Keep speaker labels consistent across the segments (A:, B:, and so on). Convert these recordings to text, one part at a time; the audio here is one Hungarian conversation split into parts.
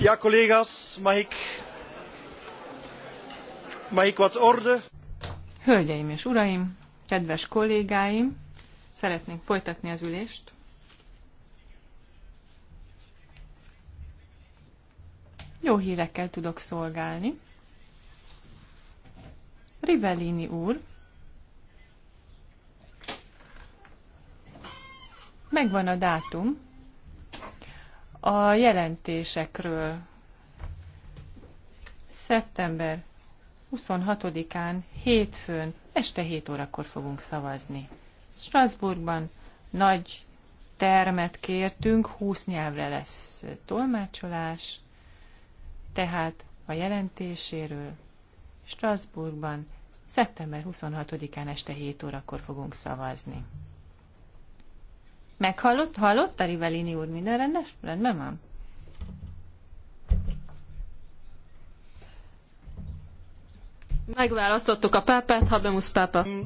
A: Ja, collega's, mag ik, mag ik wat orde?
B: Hölgyeim és uraim, kedves kollégáim, szeretnénk folytatni az ülést. Jó hírekkel tudok szolgálni. Rivellini úr, megvan a dátum, a jelentésekről. Szeptember 26-án, hétfőn, este 7 órakor fogunk szavazni. Strasbourgban nagy termet kértünk, 20 nyelvre lesz tolmácsolás, tehát a jelentéséről Strasbourgban szeptember 26-án este 7 órakor fogunk szavazni. Meghallott? Hallott a Rivellini úr? Minden rendes? Rendben van?
C: Megválasztottuk a pápát, Habemus pápa. Mm.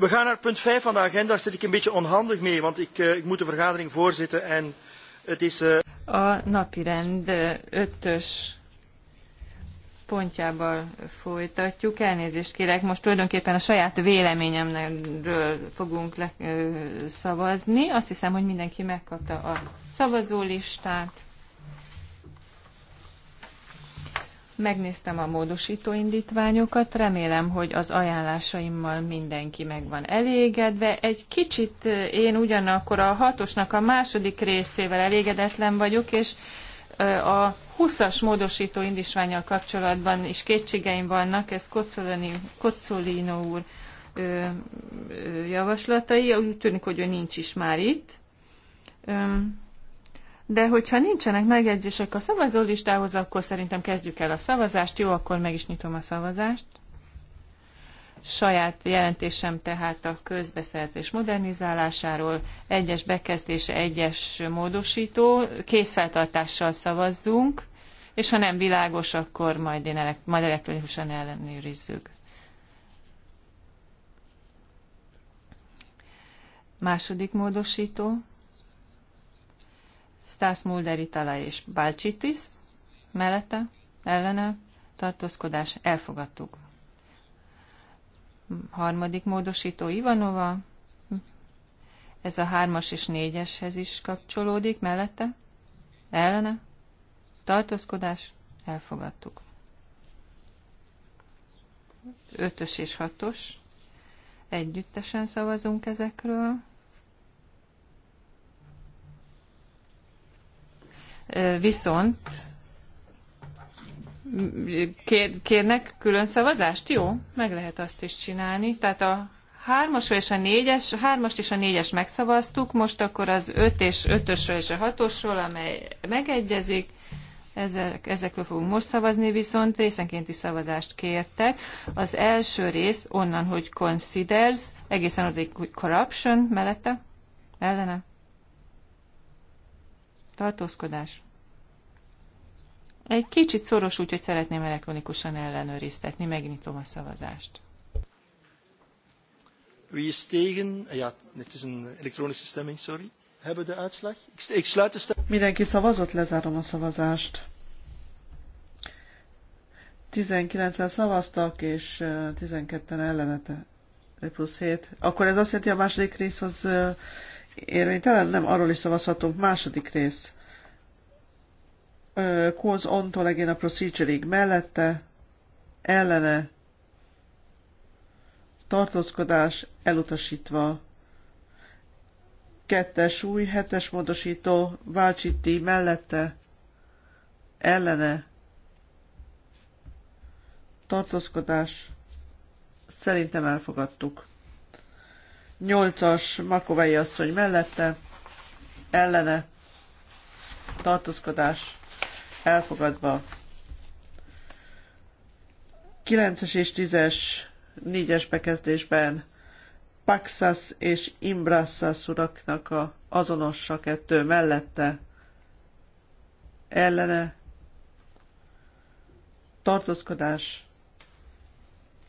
A: We gaan naar punt 5 van de agenda. Daar zit ik een beetje onhandig mee, want ik, eh, ik moet de vergadering voorzitten en het is... Uh...
B: A napirend 5-ös eh, ötös pontjával folytatjuk. Elnézést kérek, most tulajdonképpen a saját véleményemről fogunk le, ö, szavazni. Azt hiszem, hogy mindenki megkapta a szavazólistát. Megnéztem a módosító indítványokat, remélem, hogy az ajánlásaimmal mindenki meg van elégedve. Egy kicsit én ugyanakkor a hatosnak a második részével elégedetlen vagyok, és a 20-as módosító indítványjal kapcsolatban is kétségeim vannak, ez Kocolino úr ö, ö, javaslatai, úgy tűnik, hogy ő nincs is már itt. Ö, de hogyha nincsenek megjegyzések a szavazólistához, akkor szerintem kezdjük el a szavazást. Jó, akkor meg is nyitom a szavazást. Saját jelentésem tehát a közbeszerzés modernizálásáról, egyes bekezdése, egyes módosító, készfeltartással szavazzunk, és ha nem világos, akkor majd, én elek- majd elektronikusan ellenőrizzük. Második módosító. Stas Mulder Itala és Balcsitis mellette, ellene, tartózkodás, elfogadtuk. Harmadik módosító Ivanova, ez a hármas és négyeshez is kapcsolódik, mellette, ellene, tartózkodás, elfogadtuk. Ötös és hatos, együttesen szavazunk ezekről. Viszont kér, kérnek külön szavazást? Jó, meg lehet azt is csinálni. Tehát a hármas és a négyes, hármast és a négyes megszavaztuk, most akkor az öt és ötösről és a hatosról, amely megegyezik, ezek, ezekről fogunk most szavazni, viszont részenkénti szavazást kértek. Az első rész onnan, hogy considers, egészen odaig, hogy corruption mellette, ellene, tartózkodás. Egy kicsit szoros, úgyhogy szeretném elektronikusan ellenőriztetni. Megnyitom a szavazást.
C: Wie is tegen? Eh, ja, het is een elektronische stemming, sorry. Hebben de uitslag? Ik,
A: sluit de stem. Mindenki szavazott, lezárom a szavazást. 19 szavaztak, és 12-en eh, ellenete plusz 7. Akkor ez azt jelenti, hogy a második rész az eh, érvénytelen? Nem, arról is szavazhatunk. Második rész cause ontól legyen a proceduring mellette, ellene, tartózkodás elutasítva. Kettes új, hetes módosító, váltsíti mellette, ellene, tartózkodás, szerintem elfogadtuk. Nyolcas Makovei asszony mellette, ellene, tartózkodás, elfogadva. 9-es és 10-es négyes bekezdésben Paxas és Imbrassas uraknak a azonossa kettő mellette ellene tartózkodás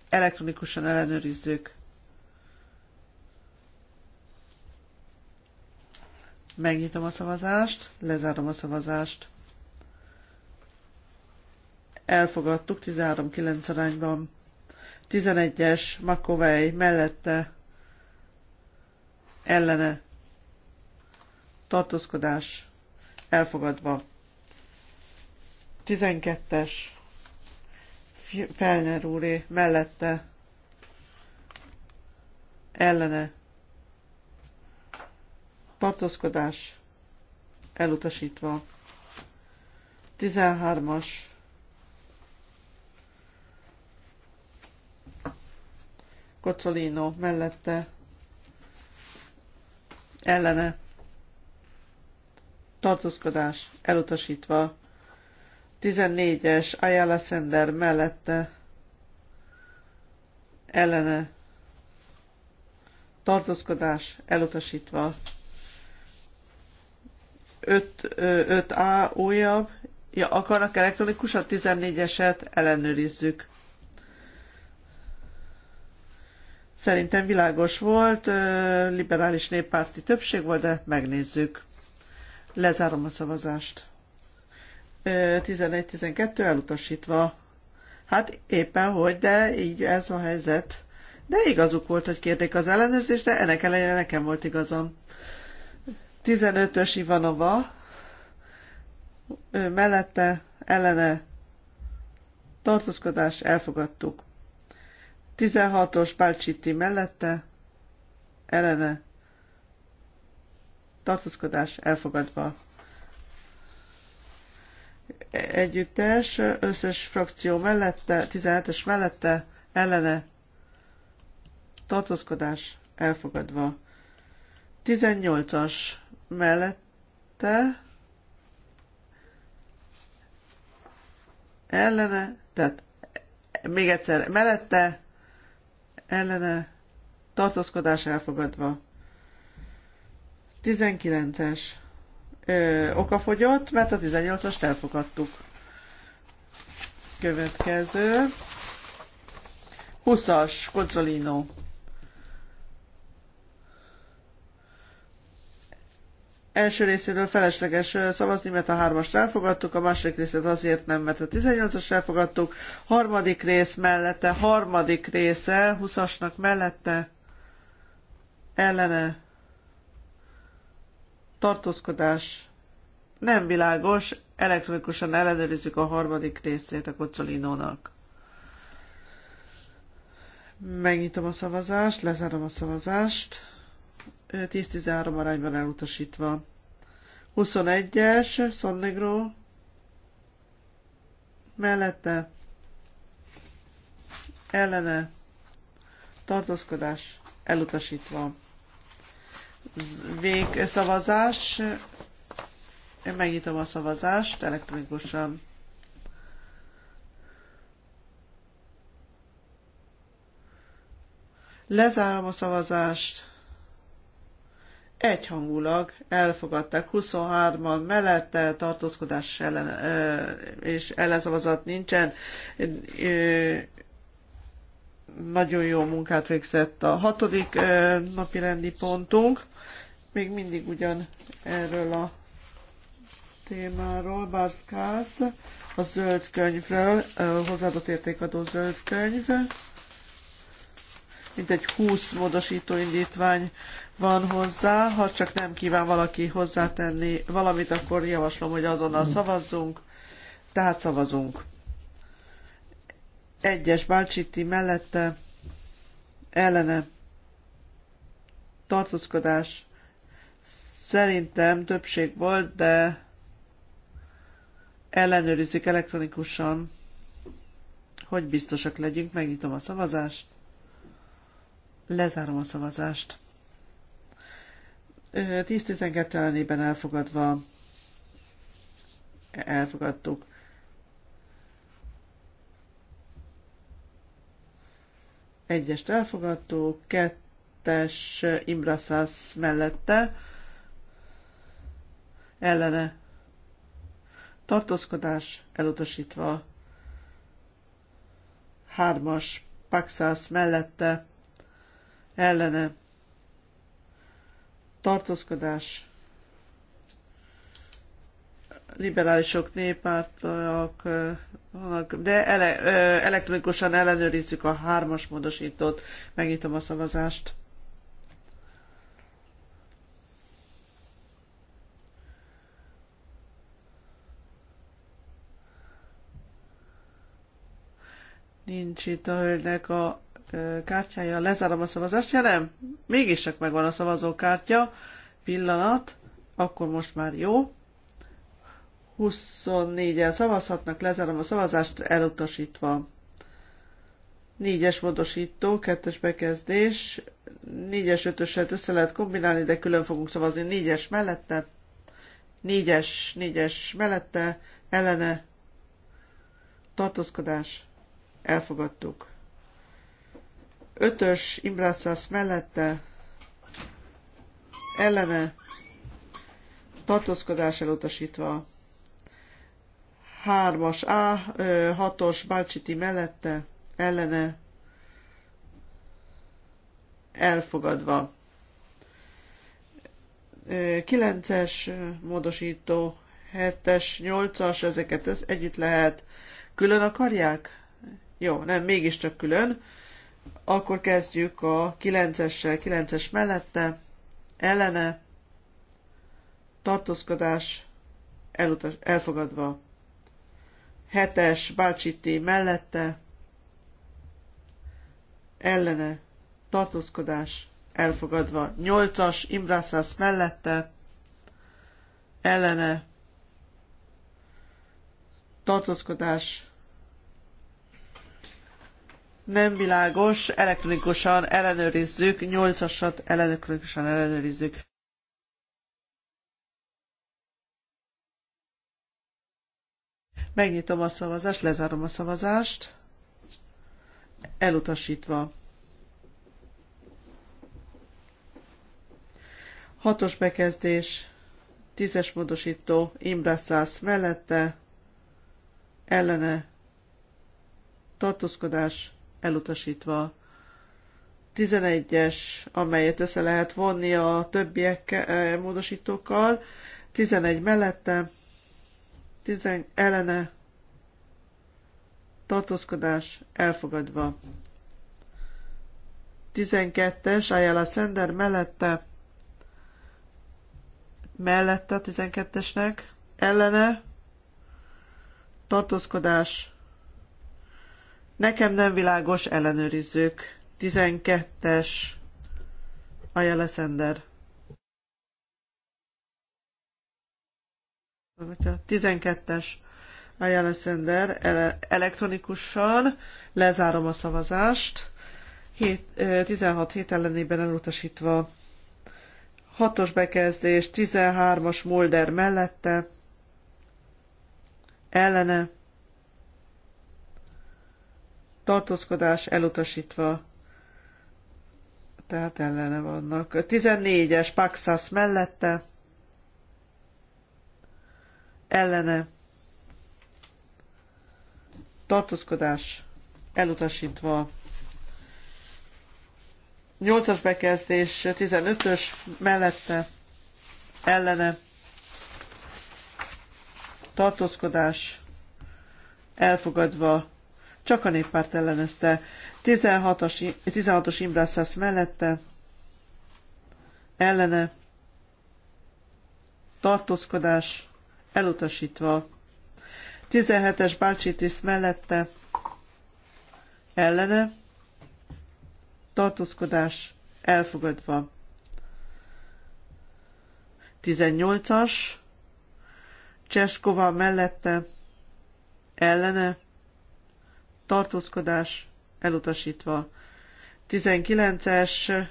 A: elektronikusan ellenőrizzük. Megnyitom a szavazást, lezárom a szavazást elfogadtuk 13-9 arányban. 11-es Makovej mellette ellene tartózkodás elfogadva. 12-es Felner úré mellette ellene tartózkodás elutasítva. 13-as Kocsolino mellette ellene tartózkodás elutasítva. 14-es Ayala Sender mellette ellene tartózkodás elutasítva. 5, 5A újabb, ja, akarnak elektronikusat, 14-eset ellenőrizzük. Szerintem világos volt, liberális néppárti többség volt, de megnézzük. Lezárom a szavazást. 11-12 elutasítva. Hát éppen hogy, de így ez a helyzet. De igazuk volt, hogy kérték az ellenőrzést, de ennek ellenére nekem volt igazam. 15-ös Ivanova, ő mellette, ellene tartózkodás, elfogadtuk. 16-os Bálcsiti mellette, ellene, tartózkodás elfogadva. Együttes, összes frakció mellette, 17-es mellette, ellene, tartózkodás elfogadva. 18-as mellette, ellene, tehát még egyszer mellette, ellene tartózkodás elfogadva. 19-es okafogyott, mert a 18-ast elfogadtuk. Következő. 20-as, Kozzolino. első részéről felesleges szavazni, mert a hármast elfogadtuk, a második részét azért nem, mert a 18-as elfogadtuk, harmadik rész mellette, harmadik része, 20-asnak mellette, ellene, tartózkodás, nem világos, elektronikusan ellenőrizzük a harmadik részét a kocolinónak. Megnyitom a szavazást, lezárom a szavazást. 10-13 arányban elutasítva. 21-es, Sonnegro. mellette, ellene, tartózkodás, elutasítva. Végszavazás, én megnyitom a szavazást elektronikusan. Lezárom a szavazást egyhangulag elfogadták 23-an mellette tartózkodás ellen, és ellenszavazat nincsen. Nagyon jó munkát végzett a hatodik napi rendi pontunk. Még mindig ugyan erről a témáról, Barskász, a zöld könyvről, hozzáadott értékadó zöld könyv mintegy 20 módosító indítvány van hozzá. Ha csak nem kíván valaki hozzátenni valamit, akkor javaslom, hogy azonnal szavazzunk. Tehát szavazunk. Egyes Bálcsiti mellette ellene tartózkodás szerintem többség volt, de ellenőrizzük elektronikusan, hogy biztosak legyünk. Megnyitom a szavazást. Lezárom a szavazást. 10-12 ellenében elfogadva elfogadtuk. Egyest elfogadtuk, kettes Imbraszász mellette, ellene tartózkodás elutasítva, hármas Paxász mellette, ellene tartózkodás liberálisok, néppártiak de ele, elektronikusan ellenőrizzük a hármas módosítót. Megnyitom a szavazást. Nincs itt a hölgynek a kártyája. Lezárom a szavazást. Ja nem, csak megvan a szavazókártya. Pillanat. Akkor most már jó. 24-en szavazhatnak, lezárom a szavazást, elutasítva. 4-es módosító, 2-es bekezdés, 4-es, 5-öset össze lehet kombinálni, de külön fogunk szavazni 4-es mellette, 4-es, 4-es mellette, ellene, tartózkodás, elfogadtuk. Ötös Imbrászász mellette ellene tartózkodás elutasítva. Hármas A, hatos Bácsiti mellette ellene elfogadva. Kilences módosító, hetes, nyolcas, ezeket együtt lehet. Külön akarják? Jó, nem, mégiscsak külön. Akkor kezdjük a 9-essel, 9-es mellette, ellene, tartózkodás, elutas, elfogadva. 7-es Bácsiti mellette, ellene, tartózkodás, elfogadva. 8-as Imbrászász mellette, ellene, tartózkodás, nem világos, elektronikusan ellenőrizzük, 8-asat elektronikusan ellenőrizzük. Megnyitom a szavazást, lezárom a szavazást. Elutasítva. Hatos bekezdés, tízes módosító, Imbraszász mellette, ellene, tartózkodás, elutasítva. 11-es, amelyet össze lehet vonni a többiek eh, módosítókkal, 11 mellette, 10 ellene, tartózkodás elfogadva. 12-es, Ayala Sender mellette, mellette a 12-esnek, ellene, tartózkodás Nekem nem világos, ellenőrizzük. 12-es Ajele Szender. 12-es Ajele Szender elektronikusan lezárom a szavazást. 7, 16 hét ellenében elutasítva. 6-os bekezdés, 13-as Mulder mellette, ellene, tartózkodás elutasítva. Tehát ellene vannak. 14-es Paxas mellette. Ellene. Tartózkodás elutasítva. 8-as bekezdés 15-ös mellette. Ellene. Tartózkodás elfogadva csak a néppárt ellenezte. 16-os, 16-os mellette, ellene, tartózkodás, elutasítva. 17-es Bácsitiszt mellette, ellene, tartózkodás, elfogadva. 18-as, Cseskova mellette, ellene, tartózkodás elutasítva. 19-es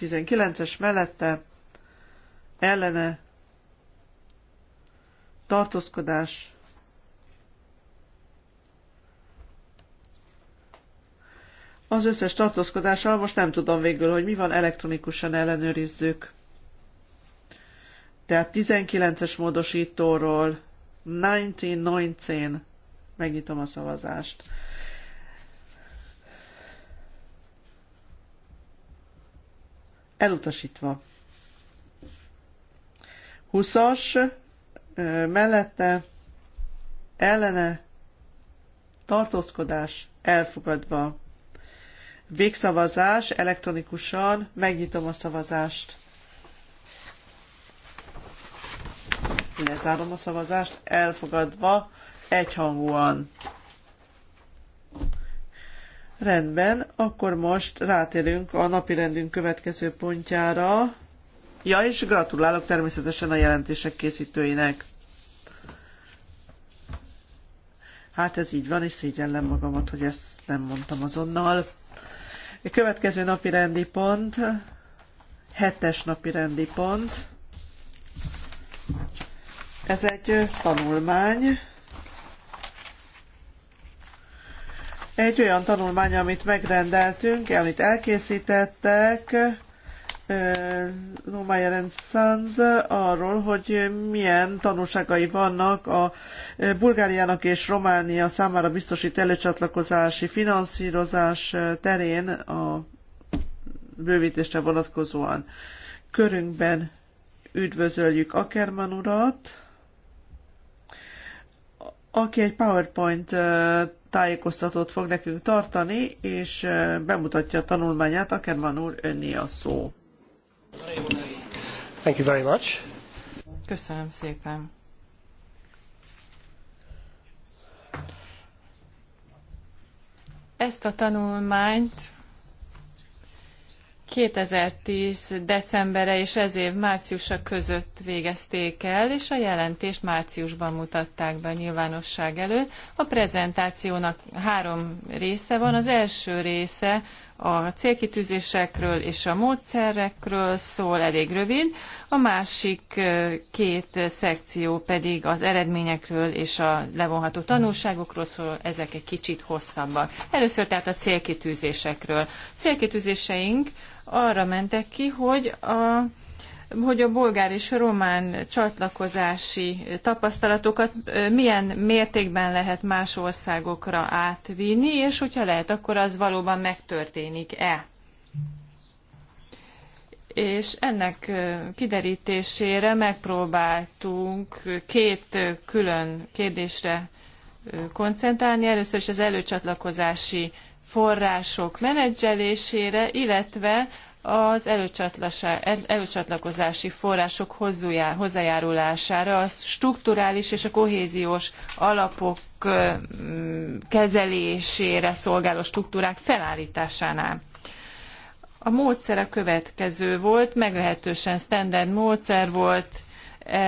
A: 19-es mellette ellene tartózkodás Az összes tartózkodással most nem tudom végül, hogy mi van, elektronikusan ellenőrizzük. Tehát 19-es módosítóról 1919. Megnyitom a szavazást. Elutasítva. 20-as mellette ellene tartózkodás elfogadva. Végszavazás elektronikusan megnyitom a szavazást. Lezárom a szavazást, elfogadva egyhangúan. Rendben, akkor most rátérünk a napirendünk következő pontjára. Ja, és gratulálok természetesen a jelentések készítőinek. Hát ez így van, és szégyellem magamat, hogy ezt nem mondtam azonnal. A következő napi rendi pont, hetes napi rendi pont, ez egy tanulmány, egy olyan tanulmány, amit megrendeltünk, amit elkészítettek, Lumayer and arról, hogy milyen tanulságai vannak a Bulgáriának és Románia számára biztosít előcsatlakozási finanszírozás terén a bővítésre vonatkozóan. Körünkben üdvözöljük Ackerman urat, aki egy PowerPoint tájékoztatót fog nekünk tartani, és bemutatja a tanulmányát. Ackerman úr, önné a szó. Thank you very much. Köszönöm
B: szépen. Ezt a tanulmányt 2010. decembere és ez év márciusa között végezték el, és a jelentést márciusban mutatták be a nyilvánosság előtt. A prezentációnak három része van. Az első része a célkitűzésekről és a módszerekről szól, elég rövid. A másik két szekció pedig az eredményekről és a levonható tanulságokról szól, ezek egy kicsit hosszabbak. Először tehát a célkitűzésekről. Célkitűzéseink arra mentek ki, hogy a hogy a bolgár és román csatlakozási tapasztalatokat milyen mértékben lehet más országokra átvinni, és hogyha lehet, akkor az valóban megtörténik-e. És ennek kiderítésére megpróbáltunk két külön kérdésre koncentrálni. Először is az előcsatlakozási források menedzselésére, illetve az előcsatlakozási források hozzájárulására a strukturális és a kohéziós alapok kezelésére szolgáló struktúrák felállításánál. A módszer a következő volt, meglehetősen standard módszer volt, e,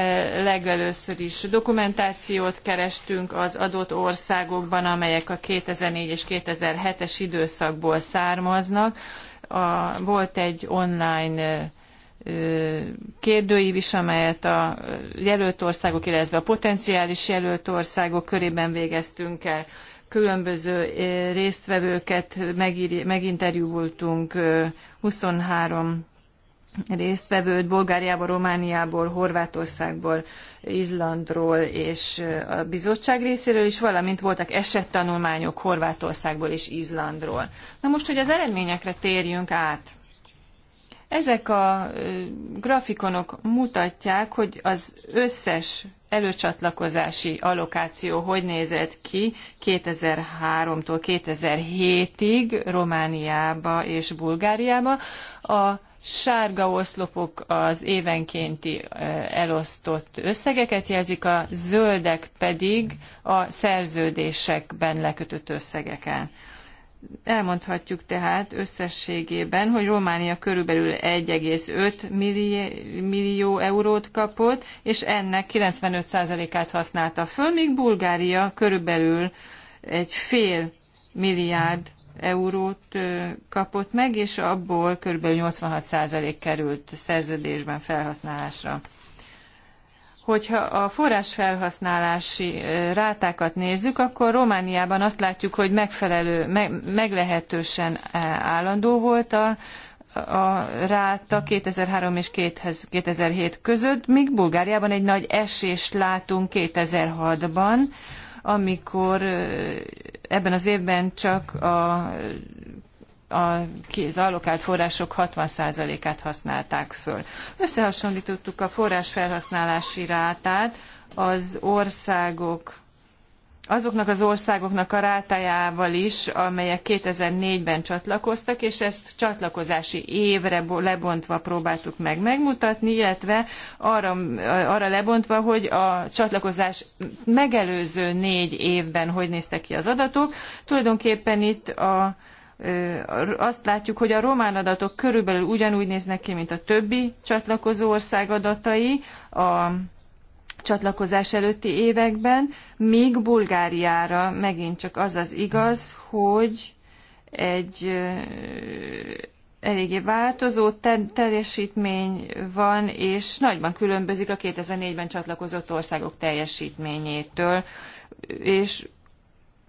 B: legelőször is dokumentációt kerestünk az adott országokban, amelyek a 2004 és 2007-es időszakból származnak, a, volt egy online kérdőív is, amelyet a jelölt országok, illetve a potenciális jelölt országok körében végeztünk el. Különböző résztvevőket meginterjúvoltunk 23 résztvevőt Bulgáriából, Romániából, Horvátországból, Izlandról és a bizottság részéről is, valamint voltak esettanulmányok Horvátországból és Izlandról. Na most, hogy az eredményekre térjünk át. Ezek a grafikonok mutatják, hogy az összes előcsatlakozási allokáció hogy nézett ki 2003-tól 2007-ig Romániába és Bulgáriába. A sárga oszlopok az évenkénti elosztott összegeket jelzik, a zöldek pedig a szerződésekben lekötött összegeken. Elmondhatjuk tehát összességében, hogy Románia körülbelül 1,5 millió, millió eurót kapott, és ennek 95%-át használta föl, míg Bulgária körülbelül egy fél milliárd eurót kapott meg, és abból kb. 86% került szerződésben felhasználásra. Hogyha a forrásfelhasználási rátákat nézzük, akkor Romániában azt látjuk, hogy megfelelő, meg, meglehetősen állandó volt a, a ráta 2003 és 2007 között, míg Bulgáriában egy nagy esést látunk 2006-ban, amikor ebben az évben csak a, a, az allokált források 60%-át használták föl. Összehasonlítottuk a forrás felhasználási rátát az országok azoknak az országoknak a rátájával is, amelyek 2004-ben csatlakoztak, és ezt csatlakozási évre lebontva próbáltuk meg megmutatni, illetve arra, arra lebontva, hogy a csatlakozás megelőző négy évben hogy néztek ki az adatok. Tulajdonképpen itt a azt látjuk, hogy a román adatok körülbelül ugyanúgy néznek ki, mint a többi csatlakozó ország adatai. A csatlakozás előtti években, míg Bulgáriára megint csak az az igaz, hogy egy eléggé változó teljesítmény van, és nagyban különbözik a 2004-ben csatlakozott országok teljesítményétől, és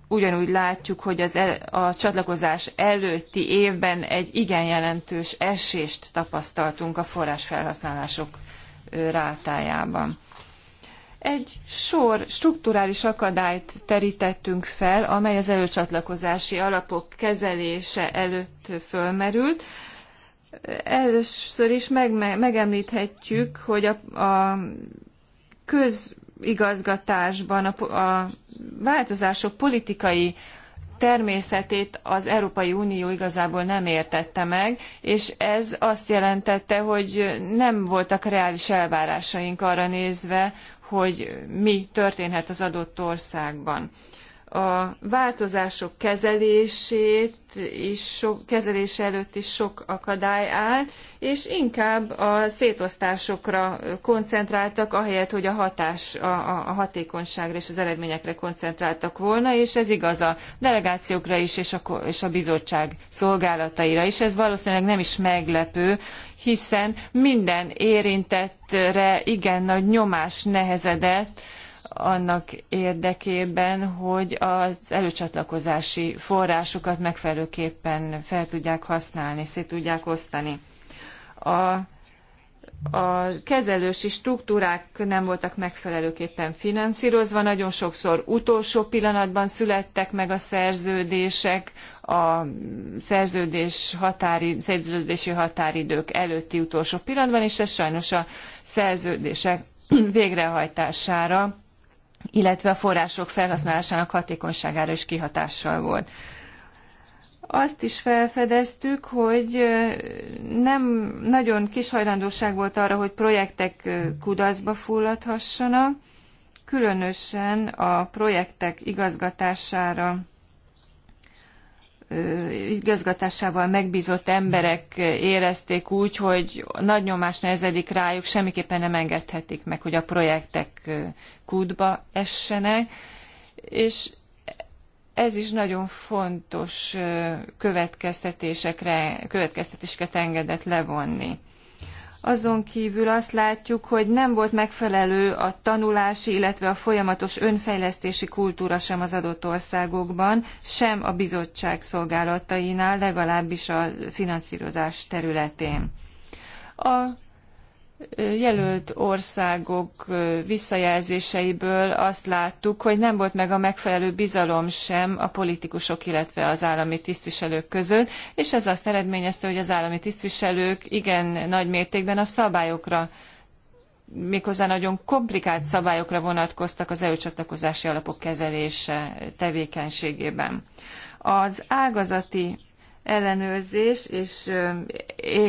B: ugyanúgy látjuk, hogy az el, a csatlakozás előtti évben egy igen jelentős esést tapasztaltunk a forrásfelhasználások rátájában egy sor strukturális akadályt terítettünk fel, amely az előcsatlakozási alapok kezelése előtt fölmerült. Először is meg, megemlíthetjük, hogy a, a közigazgatásban a, a változások politikai természetét az Európai Unió igazából nem értette meg, és ez azt jelentette, hogy nem voltak reális elvárásaink arra nézve, hogy mi történhet az adott országban a változások kezelését is sok, kezelése előtt is sok akadály áll, és inkább a szétosztásokra koncentráltak, ahelyett, hogy a hatás, a, a hatékonyságra és az eredményekre koncentráltak volna, és ez igaz a delegációkra is, és a, és a bizottság szolgálataira is. Ez valószínűleg nem is meglepő, hiszen minden érintettre igen nagy nyomás nehezedett, annak érdekében, hogy az előcsatlakozási forrásokat megfelelőképpen fel tudják használni, szét tudják osztani. A a kezelősi struktúrák nem voltak megfelelőképpen finanszírozva, nagyon sokszor utolsó pillanatban születtek meg a szerződések, a szerződés határi, szerződési határidők előtti utolsó pillanatban, és ez sajnos a szerződések végrehajtására illetve a források felhasználásának hatékonyságára is kihatással volt. Azt is felfedeztük, hogy nem nagyon kis hajlandóság volt arra, hogy projektek kudaszba fulladhassanak, különösen a projektek igazgatására igazgatásával megbízott emberek érezték úgy, hogy nagy nyomás nehezedik rájuk, semmiképpen nem engedhetik meg, hogy a projektek kútba essenek, és ez is nagyon fontos következtetésekre, következtetéseket engedett levonni. Azon kívül azt látjuk, hogy nem volt megfelelő a tanulási, illetve a folyamatos önfejlesztési kultúra sem az adott országokban, sem a bizottság szolgálatainál, legalábbis a finanszírozás területén. A jelölt országok visszajelzéseiből azt láttuk, hogy nem volt meg a megfelelő bizalom sem a politikusok, illetve az állami tisztviselők között, és ez azt eredményezte, hogy az állami tisztviselők igen nagy mértékben a szabályokra méghozzá nagyon komplikált szabályokra vonatkoztak az előcsatlakozási alapok kezelése tevékenységében. Az ágazati ellenőrzés és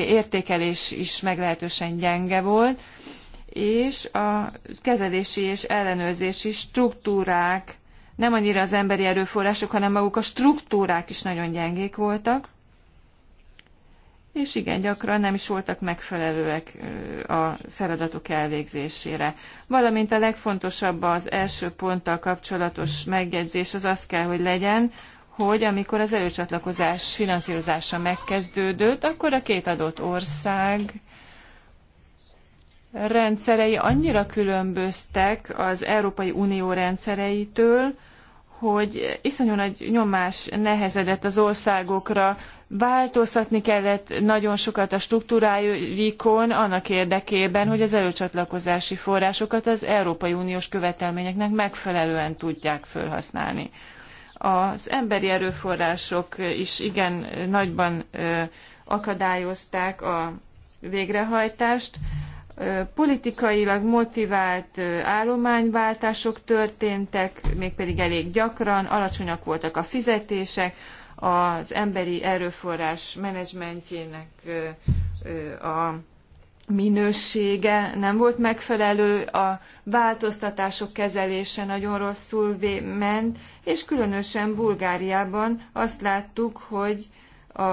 B: értékelés is meglehetősen gyenge volt, és a kezelési és ellenőrzési struktúrák, nem annyira az emberi erőforrások, hanem maguk a struktúrák is nagyon gyengék voltak, és igen, gyakran nem is voltak megfelelőek a feladatok elvégzésére. Valamint a legfontosabb az első ponttal kapcsolatos megjegyzés az az kell, hogy legyen, hogy amikor az előcsatlakozás finanszírozása megkezdődött, akkor a két adott ország rendszerei annyira különböztek az Európai Unió rendszereitől, hogy iszonyú nagy nyomás nehezedett az országokra, változtatni kellett nagyon sokat a struktúrájukon annak érdekében, hogy az előcsatlakozási forrásokat az Európai Uniós követelményeknek megfelelően tudják felhasználni az emberi erőforrások is igen nagyban akadályozták a végrehajtást. Politikailag motivált állományváltások történtek, mégpedig elég gyakran, alacsonyak voltak a fizetések, az emberi erőforrás menedzsmentjének a minősége nem volt megfelelő, a változtatások kezelése nagyon rosszul ment, és különösen Bulgáriában azt láttuk, hogy a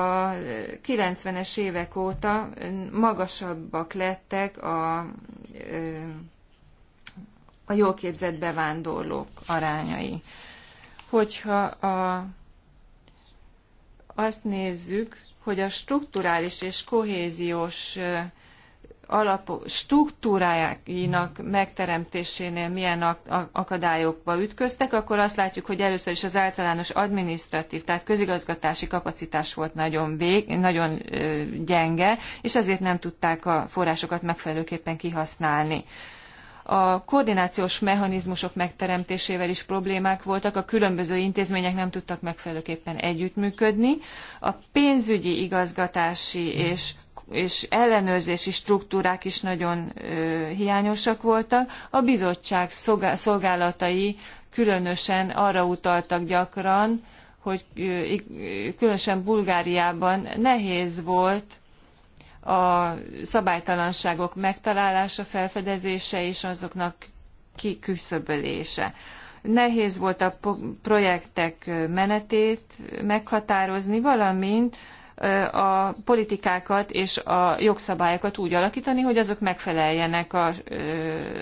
B: 90-es évek óta magasabbak lettek a, a jól képzett bevándorlók arányai. Hogyha a, azt nézzük, hogy a strukturális és kohéziós alapok struktúrájának megteremtésénél milyen akadályokba ütköztek, akkor azt látjuk, hogy először is az általános administratív, tehát közigazgatási kapacitás volt nagyon, vég, nagyon gyenge, és ezért nem tudták a forrásokat megfelelőképpen kihasználni a koordinációs mechanizmusok megteremtésével is problémák voltak, a különböző intézmények nem tudtak megfelelőképpen együttműködni, a pénzügyi, igazgatási és és ellenőrzési struktúrák is nagyon hiányosak voltak. A bizottság szolgálatai különösen arra utaltak gyakran, hogy különösen Bulgáriában nehéz volt a szabálytalanságok megtalálása, felfedezése és azoknak kiküszöbölése. Nehéz volt a projektek menetét meghatározni, valamint a politikákat és a jogszabályokat úgy alakítani, hogy azok megfeleljenek a,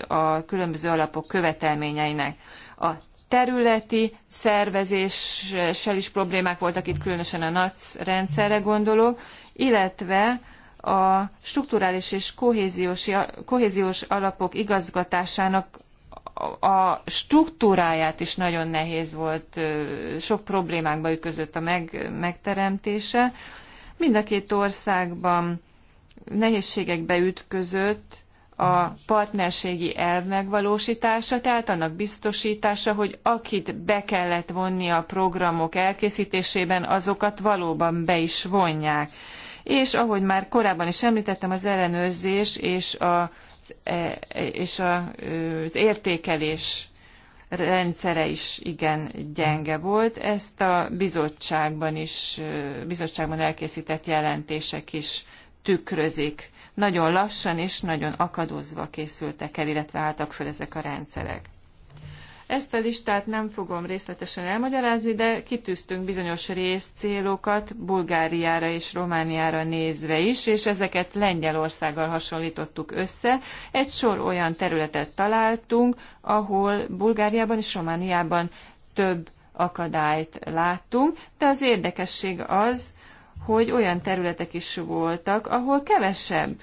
B: a különböző alapok követelményeinek. A területi szervezéssel is problémák voltak itt, különösen a NAC rendszerre gondolok, illetve a strukturális és kohéziós, kohéziós alapok igazgatásának a struktúráját is nagyon nehéz volt, sok problémákba ütközött a meg, megteremtése. Mind a két országban nehézségekbe ütközött a partnerségi elv megvalósítása, tehát annak biztosítása, hogy akit be kellett vonni a programok elkészítésében, azokat valóban be is vonják. És ahogy már korábban is említettem, az ellenőrzés és, a, e- és a, az értékelés rendszere is igen gyenge volt. Ezt a bizottságban is, bizottságban elkészített jelentések is tükrözik. Nagyon lassan és nagyon akadozva készültek el, illetve álltak föl ezek a rendszerek. Ezt a listát nem fogom részletesen elmagyarázni, de kitűztünk bizonyos részcélokat Bulgáriára és Romániára nézve is, és ezeket Lengyelországgal hasonlítottuk össze. Egy sor olyan területet találtunk, ahol Bulgáriában és Romániában több akadályt láttunk, de az érdekesség az, hogy olyan területek is voltak, ahol kevesebb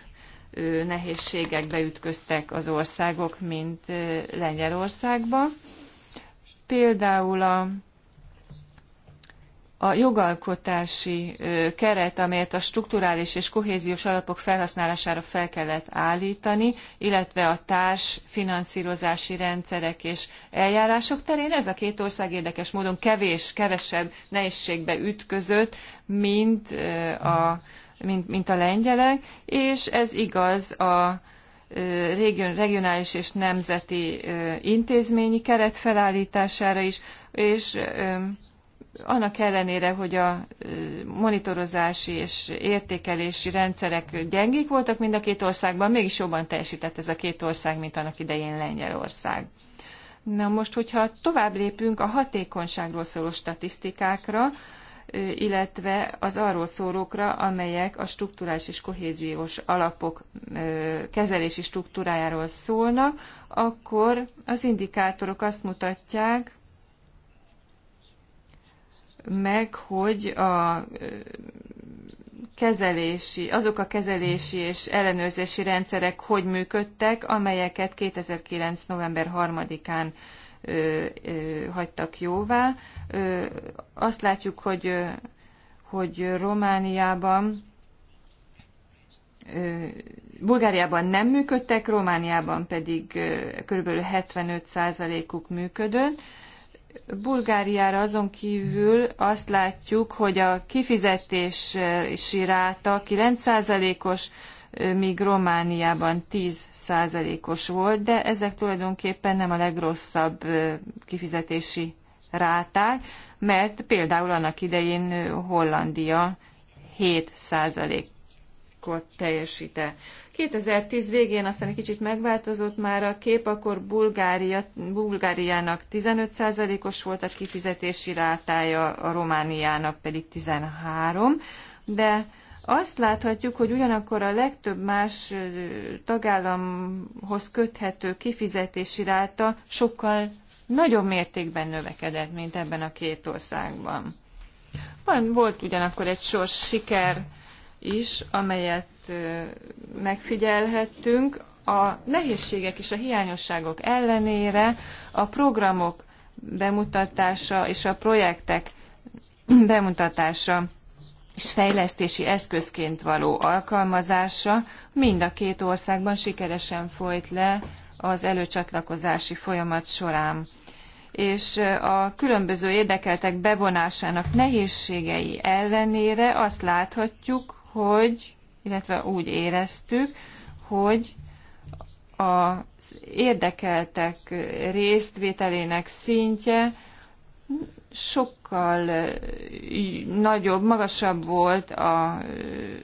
B: nehézségekbe ütköztek az országok, mint Lengyelországban. Például a, a jogalkotási keret, amelyet a strukturális és kohéziós alapok felhasználására fel kellett állítani, illetve a társ finanszírozási rendszerek és eljárások terén ez a két ország érdekes módon kevés, kevesebb nehézségbe ütközött, mint a, mint, mint a lengyelek, és ez igaz a regionális és nemzeti intézményi keret felállítására is, és annak ellenére, hogy a monitorozási és értékelési rendszerek gyengék voltak mind a két országban, mégis jobban teljesített ez a két ország, mint annak idején Lengyelország. Na most, hogyha tovább lépünk a hatékonyságról szóló statisztikákra, illetve az arról szólókra, amelyek a strukturális és kohéziós alapok kezelési struktúrájáról szólnak, akkor az indikátorok azt mutatják, meg, hogy a kezelési, azok a kezelési és ellenőrzési rendszerek hogy működtek, amelyeket 2009. november 3-án hagytak jóvá azt látjuk, hogy, hogy Romániában Bulgáriában nem működtek, Romániában pedig kb. 75%-uk működött. Bulgáriára azon kívül azt látjuk, hogy a kifizetési ráta 9%-os, míg Romániában 10%-os volt, de ezek tulajdonképpen nem a legrosszabb kifizetési ráták, mert például annak idején Hollandia 7%-ot teljesített. 2010 végén aztán egy kicsit megváltozott már a kép, akkor Bulgária, Bulgáriának 15%-os volt a kifizetési rátája, a Romániának pedig 13, de azt láthatjuk, hogy ugyanakkor a legtöbb más tagállamhoz köthető kifizetési ráta sokkal nagyobb mértékben növekedett, mint ebben a két országban. Van, volt ugyanakkor egy sor siker is, amelyet megfigyelhettünk. A nehézségek és a hiányosságok ellenére a programok bemutatása és a projektek bemutatása és fejlesztési eszközként való alkalmazása mind a két országban sikeresen folyt le az előcsatlakozási folyamat során és a különböző érdekeltek bevonásának nehézségei ellenére azt láthatjuk, hogy, illetve úgy éreztük, hogy az érdekeltek résztvételének szintje sokkal nagyobb, magasabb volt a,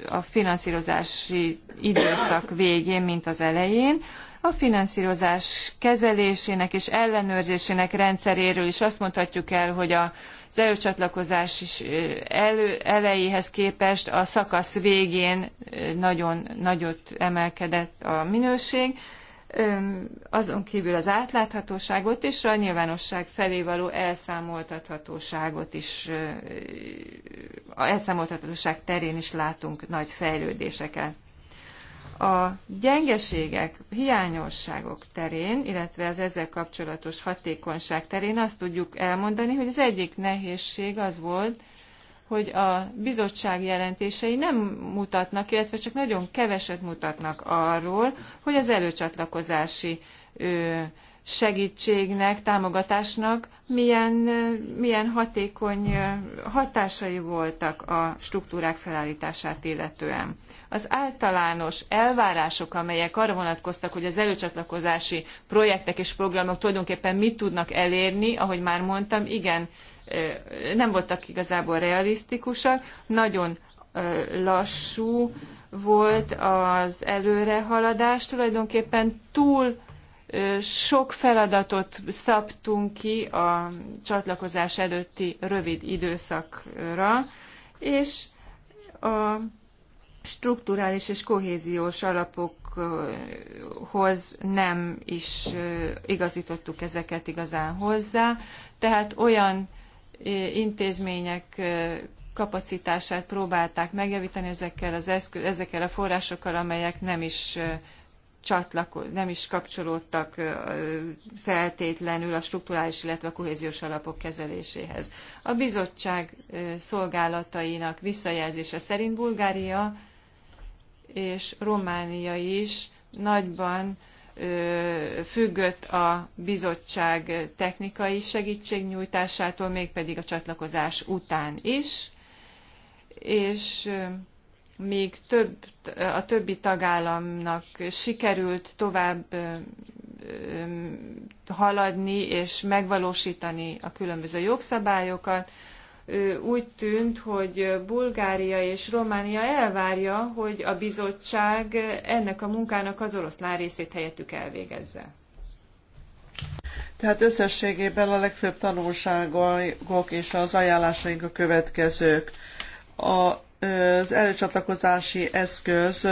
B: a finanszírozási időszak végén, mint az elején, a finanszírozás kezelésének és ellenőrzésének rendszeréről is azt mondhatjuk el, hogy az előcsatlakozás is elő, elejéhez képest a szakasz végén nagyon nagyot emelkedett a minőség azon kívül az átláthatóságot és a nyilvánosság felé való elszámoltathatóságot is, a elszámoltathatóság terén is látunk nagy fejlődéseket a gyengeségek, hiányosságok terén, illetve az ezzel kapcsolatos hatékonyság terén azt tudjuk elmondani, hogy az egyik nehézség az volt, hogy a bizottság jelentései nem mutatnak, illetve csak nagyon keveset mutatnak arról, hogy az előcsatlakozási ö, segítségnek, támogatásnak milyen, milyen hatékony hatásai voltak a struktúrák felállítását illetően. Az általános elvárások, amelyek arra vonatkoztak, hogy az előcsatlakozási projektek és programok tulajdonképpen mit tudnak elérni, ahogy már mondtam, igen, nem voltak igazából realisztikusak, nagyon lassú volt az előrehaladás, tulajdonképpen túl sok feladatot szabtunk ki a csatlakozás előtti rövid időszakra, és a strukturális és kohéziós alapokhoz nem is igazítottuk ezeket igazán hozzá, tehát olyan intézmények kapacitását próbálták megjavítani ezekkel, az eszköz, ezekkel a forrásokkal, amelyek nem is csatlakoz, nem is kapcsolódtak feltétlenül a strukturális, illetve a kohéziós alapok kezeléséhez. A bizottság szolgálatainak visszajelzése szerint Bulgária és Románia is nagyban függött a bizottság technikai segítségnyújtásától, mégpedig a csatlakozás után is, és míg több, a többi tagállamnak sikerült tovább haladni és megvalósítani a különböző jogszabályokat, úgy tűnt, hogy Bulgária és Románia elvárja, hogy a bizottság ennek a munkának az oroszlán részét helyettük elvégezze.
A: Tehát összességében a legfőbb tanulságok és az ajánlásaink a következők. A az előcsatlakozási eszköz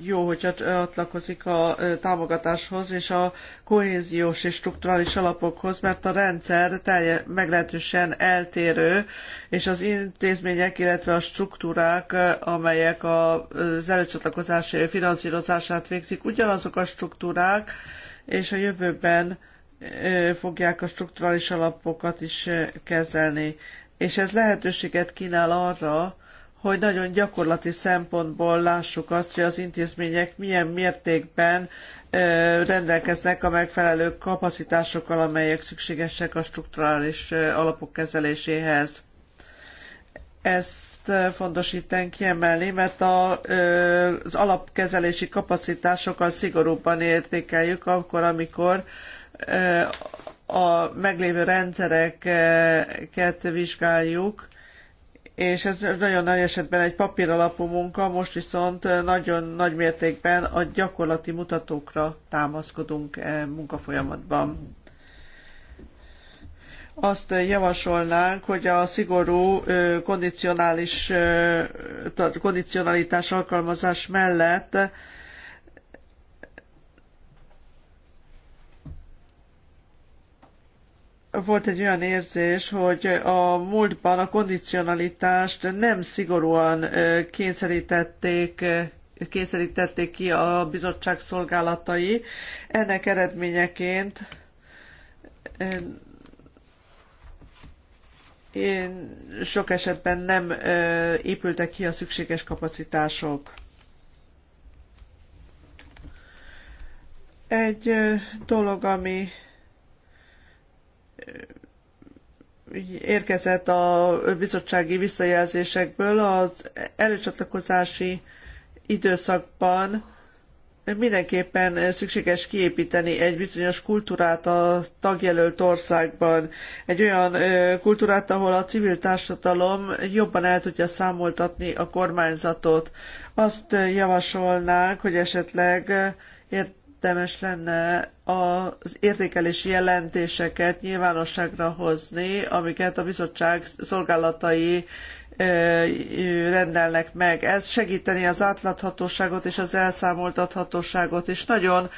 A: jó, hogy csatlakozik a támogatáshoz és a kohéziós és strukturális alapokhoz, mert a rendszer telje, meglehetősen eltérő, és az intézmények, illetve a struktúrák, amelyek az előcsatlakozási finanszírozását végzik, ugyanazok a struktúrák, és a jövőben fogják a strukturális alapokat is kezelni és ez lehetőséget kínál arra, hogy nagyon gyakorlati szempontból lássuk azt, hogy az intézmények milyen mértékben rendelkeznek a megfelelő kapacitásokkal, amelyek szükségesek a strukturális alapok kezeléséhez. Ezt fontos itt kiemelni, mert az alapkezelési kapacitásokkal szigorúbban értékeljük akkor, amikor a meglévő rendszereket vizsgáljuk, és ez nagyon nagy esetben egy papíralapú munka, most viszont nagyon nagy mértékben a gyakorlati mutatókra támaszkodunk e munkafolyamatban. Azt javasolnánk, hogy a szigorú kondicionális kondicionalitás alkalmazás mellett volt egy olyan érzés, hogy a múltban a kondicionalitást nem szigorúan kényszerítették kényszerítették ki a bizottság szolgálatai. Ennek eredményeként én sok esetben nem épültek ki a szükséges kapacitások. Egy dolog, ami érkezett a bizottsági visszajelzésekből az előcsatlakozási időszakban mindenképpen szükséges kiépíteni egy bizonyos kultúrát a tagjelölt országban. Egy olyan kultúrát, ahol a civil társadalom jobban el tudja számoltatni a kormányzatot. Azt javasolnánk, hogy esetleg érdemes lenne az értékelési jelentéseket nyilvánosságra hozni, amiket a bizottság szolgálatai rendelnek meg. Ez segíteni az átláthatóságot és az elszámoltathatóságot is. Nagyon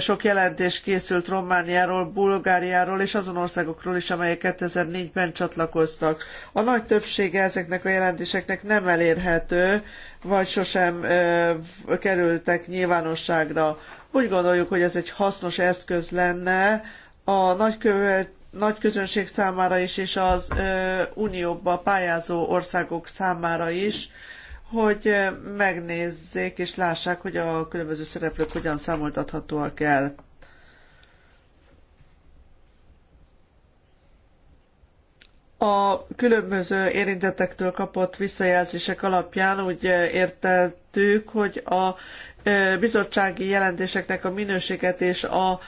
A: sok jelentés készült Romániáról, Bulgáriáról és azon országokról is, amelyek 2004-ben csatlakoztak. A nagy többsége ezeknek a jelentéseknek nem elérhető, vagy sosem kerültek nyilvánosságra. Úgy gondoljuk, hogy ez egy hasznos eszköz lenne a nagykövet nagy közönség számára is, és az ö, unióba pályázó országok számára is, hogy megnézzék és lássák, hogy a különböző szereplők hogyan számoltathatóak el. A különböző érintettektől kapott visszajelzések alapján úgy érteltük, hogy a bizottsági jelentéseknek a minőséget és a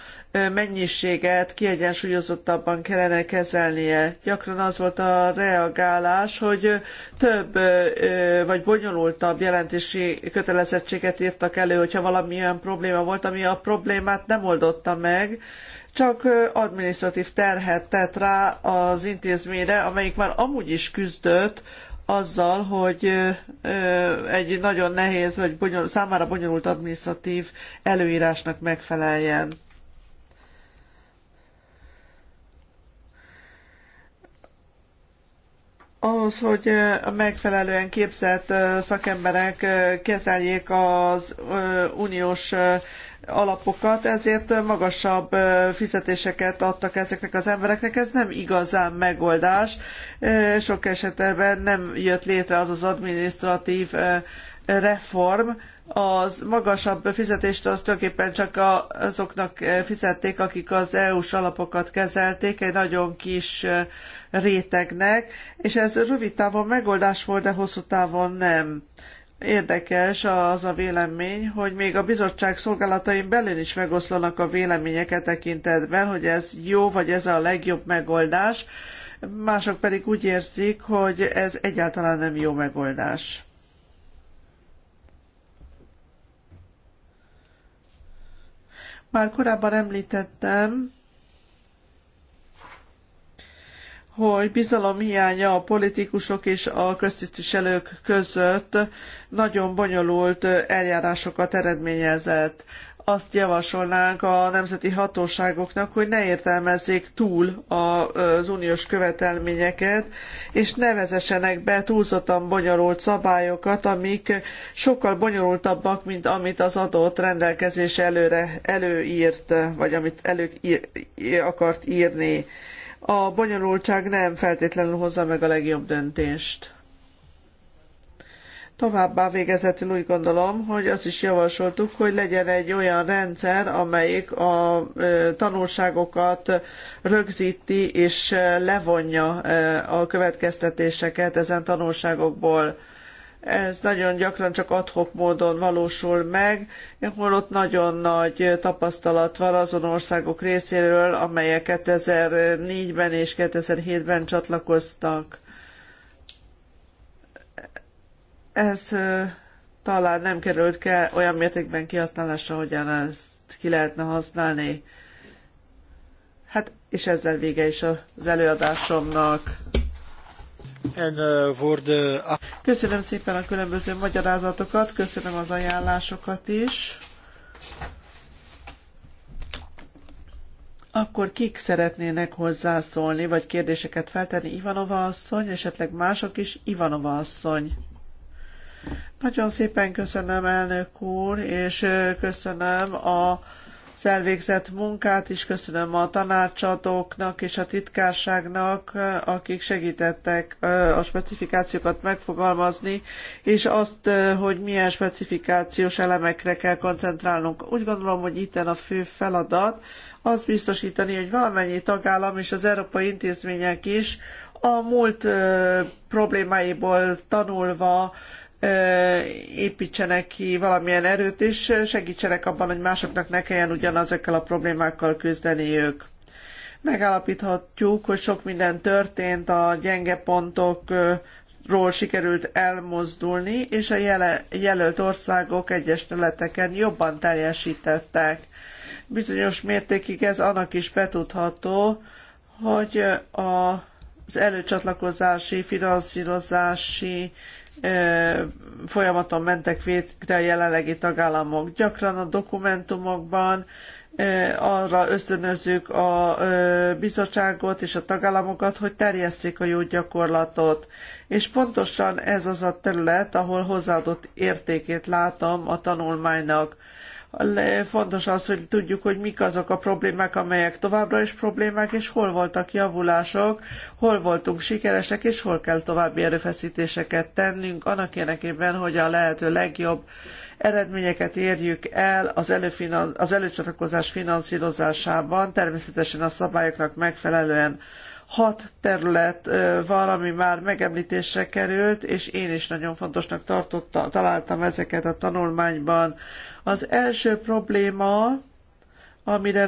A: mennyiséget kiegyensúlyozottabban kellene kezelnie. Gyakran az volt a reagálás, hogy több vagy bonyolultabb jelentési kötelezettséget írtak elő, hogyha valamilyen probléma volt, ami a problémát nem oldotta meg, csak administratív terhet tett rá az intézményre, amelyik már amúgy is küzdött azzal, hogy egy nagyon nehéz, vagy bonyol, számára bonyolult administratív előírásnak megfeleljen. ahhoz, hogy megfelelően képzett szakemberek kezeljék az uniós alapokat, ezért magasabb fizetéseket adtak ezeknek az embereknek. Ez nem igazán megoldás. Sok esetben nem jött létre az az administratív reform, az magasabb fizetést az tulajdonképpen csak azoknak fizették, akik az EU-s alapokat kezelték, egy nagyon kis rétegnek, és ez rövid távon megoldás volt, de hosszú távon nem. Érdekes az a vélemény, hogy még a bizottság szolgálatain belül is megoszlanak a vélemények tekintetben, hogy ez jó, vagy ez a legjobb megoldás. Mások pedig úgy érzik, hogy ez egyáltalán nem jó megoldás. Már korábban említettem, hogy bizalom hiánya a politikusok és a köztisztviselők között nagyon bonyolult eljárásokat eredményezett. Azt javasolnánk a nemzeti hatóságoknak, hogy ne értelmezzék túl az uniós követelményeket, és ne vezessenek be túlzottan bonyolult szabályokat, amik sokkal bonyolultabbak, mint amit az adott rendelkezés előre előírt, vagy amit elő akart írni a bonyolultság nem feltétlenül hozza meg a legjobb döntést. Továbbá végezetül úgy gondolom, hogy azt is javasoltuk, hogy legyen egy olyan rendszer, amelyik a tanulságokat rögzíti és levonja a következtetéseket ezen tanulságokból ez nagyon gyakran csak adhok módon valósul meg, holott nagyon nagy tapasztalat van azon országok részéről, amelyek 2004-ben és 2007-ben csatlakoztak. Ez talán nem került ke olyan mértékben kihasználásra, hogyan ezt ki lehetne használni. Hát, és ezzel vége is az előadásomnak. Eh, köszönöm szépen a különböző magyarázatokat, köszönöm az ajánlásokat is. Akkor kik szeretnének hozzászólni, vagy kérdéseket feltenni? Ivanova asszony, esetleg mások is? Ivanova asszony. Nagyon szépen köszönöm, elnök úr, és eh, köszönöm a az elvégzett munkát is, köszönöm a tanácsadóknak és a titkárságnak, akik segítettek a specifikációkat megfogalmazni, és azt, hogy milyen specifikációs elemekre kell koncentrálnunk. Úgy gondolom, hogy itten a fő feladat az biztosítani, hogy valamennyi tagállam és az európai intézmények is a múlt problémáiból tanulva építsenek ki valamilyen erőt, és segítsenek abban, hogy másoknak ne kelljen ugyanazokkal a problémákkal küzdeniük. Megállapíthatjuk, hogy sok minden történt, a gyenge pontokról sikerült elmozdulni, és a jelölt országok egyes területeken jobban teljesítettek. Bizonyos mértékig ez annak is betudható, hogy a az előcsatlakozási, finanszírozási folyamaton mentek végre a jelenlegi tagállamok. Gyakran a dokumentumokban arra ösztönözzük a bizottságot és a tagállamokat, hogy terjesszék a jó gyakorlatot. És pontosan ez az a terület, ahol hozzáadott értékét látom a tanulmánynak Fontos az, hogy tudjuk, hogy mik azok a problémák, amelyek továbbra is problémák, és hol voltak javulások, hol voltunk sikeresek, és hol kell további erőfeszítéseket tennünk, annak érdekében, hogy a lehető legjobb eredményeket érjük el az, előfinansz- az előcsatlakozás finanszírozásában, természetesen a szabályoknak megfelelően. Hat terület van, ami már megemlítésre került, és én is nagyon fontosnak tartotta, találtam ezeket a tanulmányban. Az első probléma, amire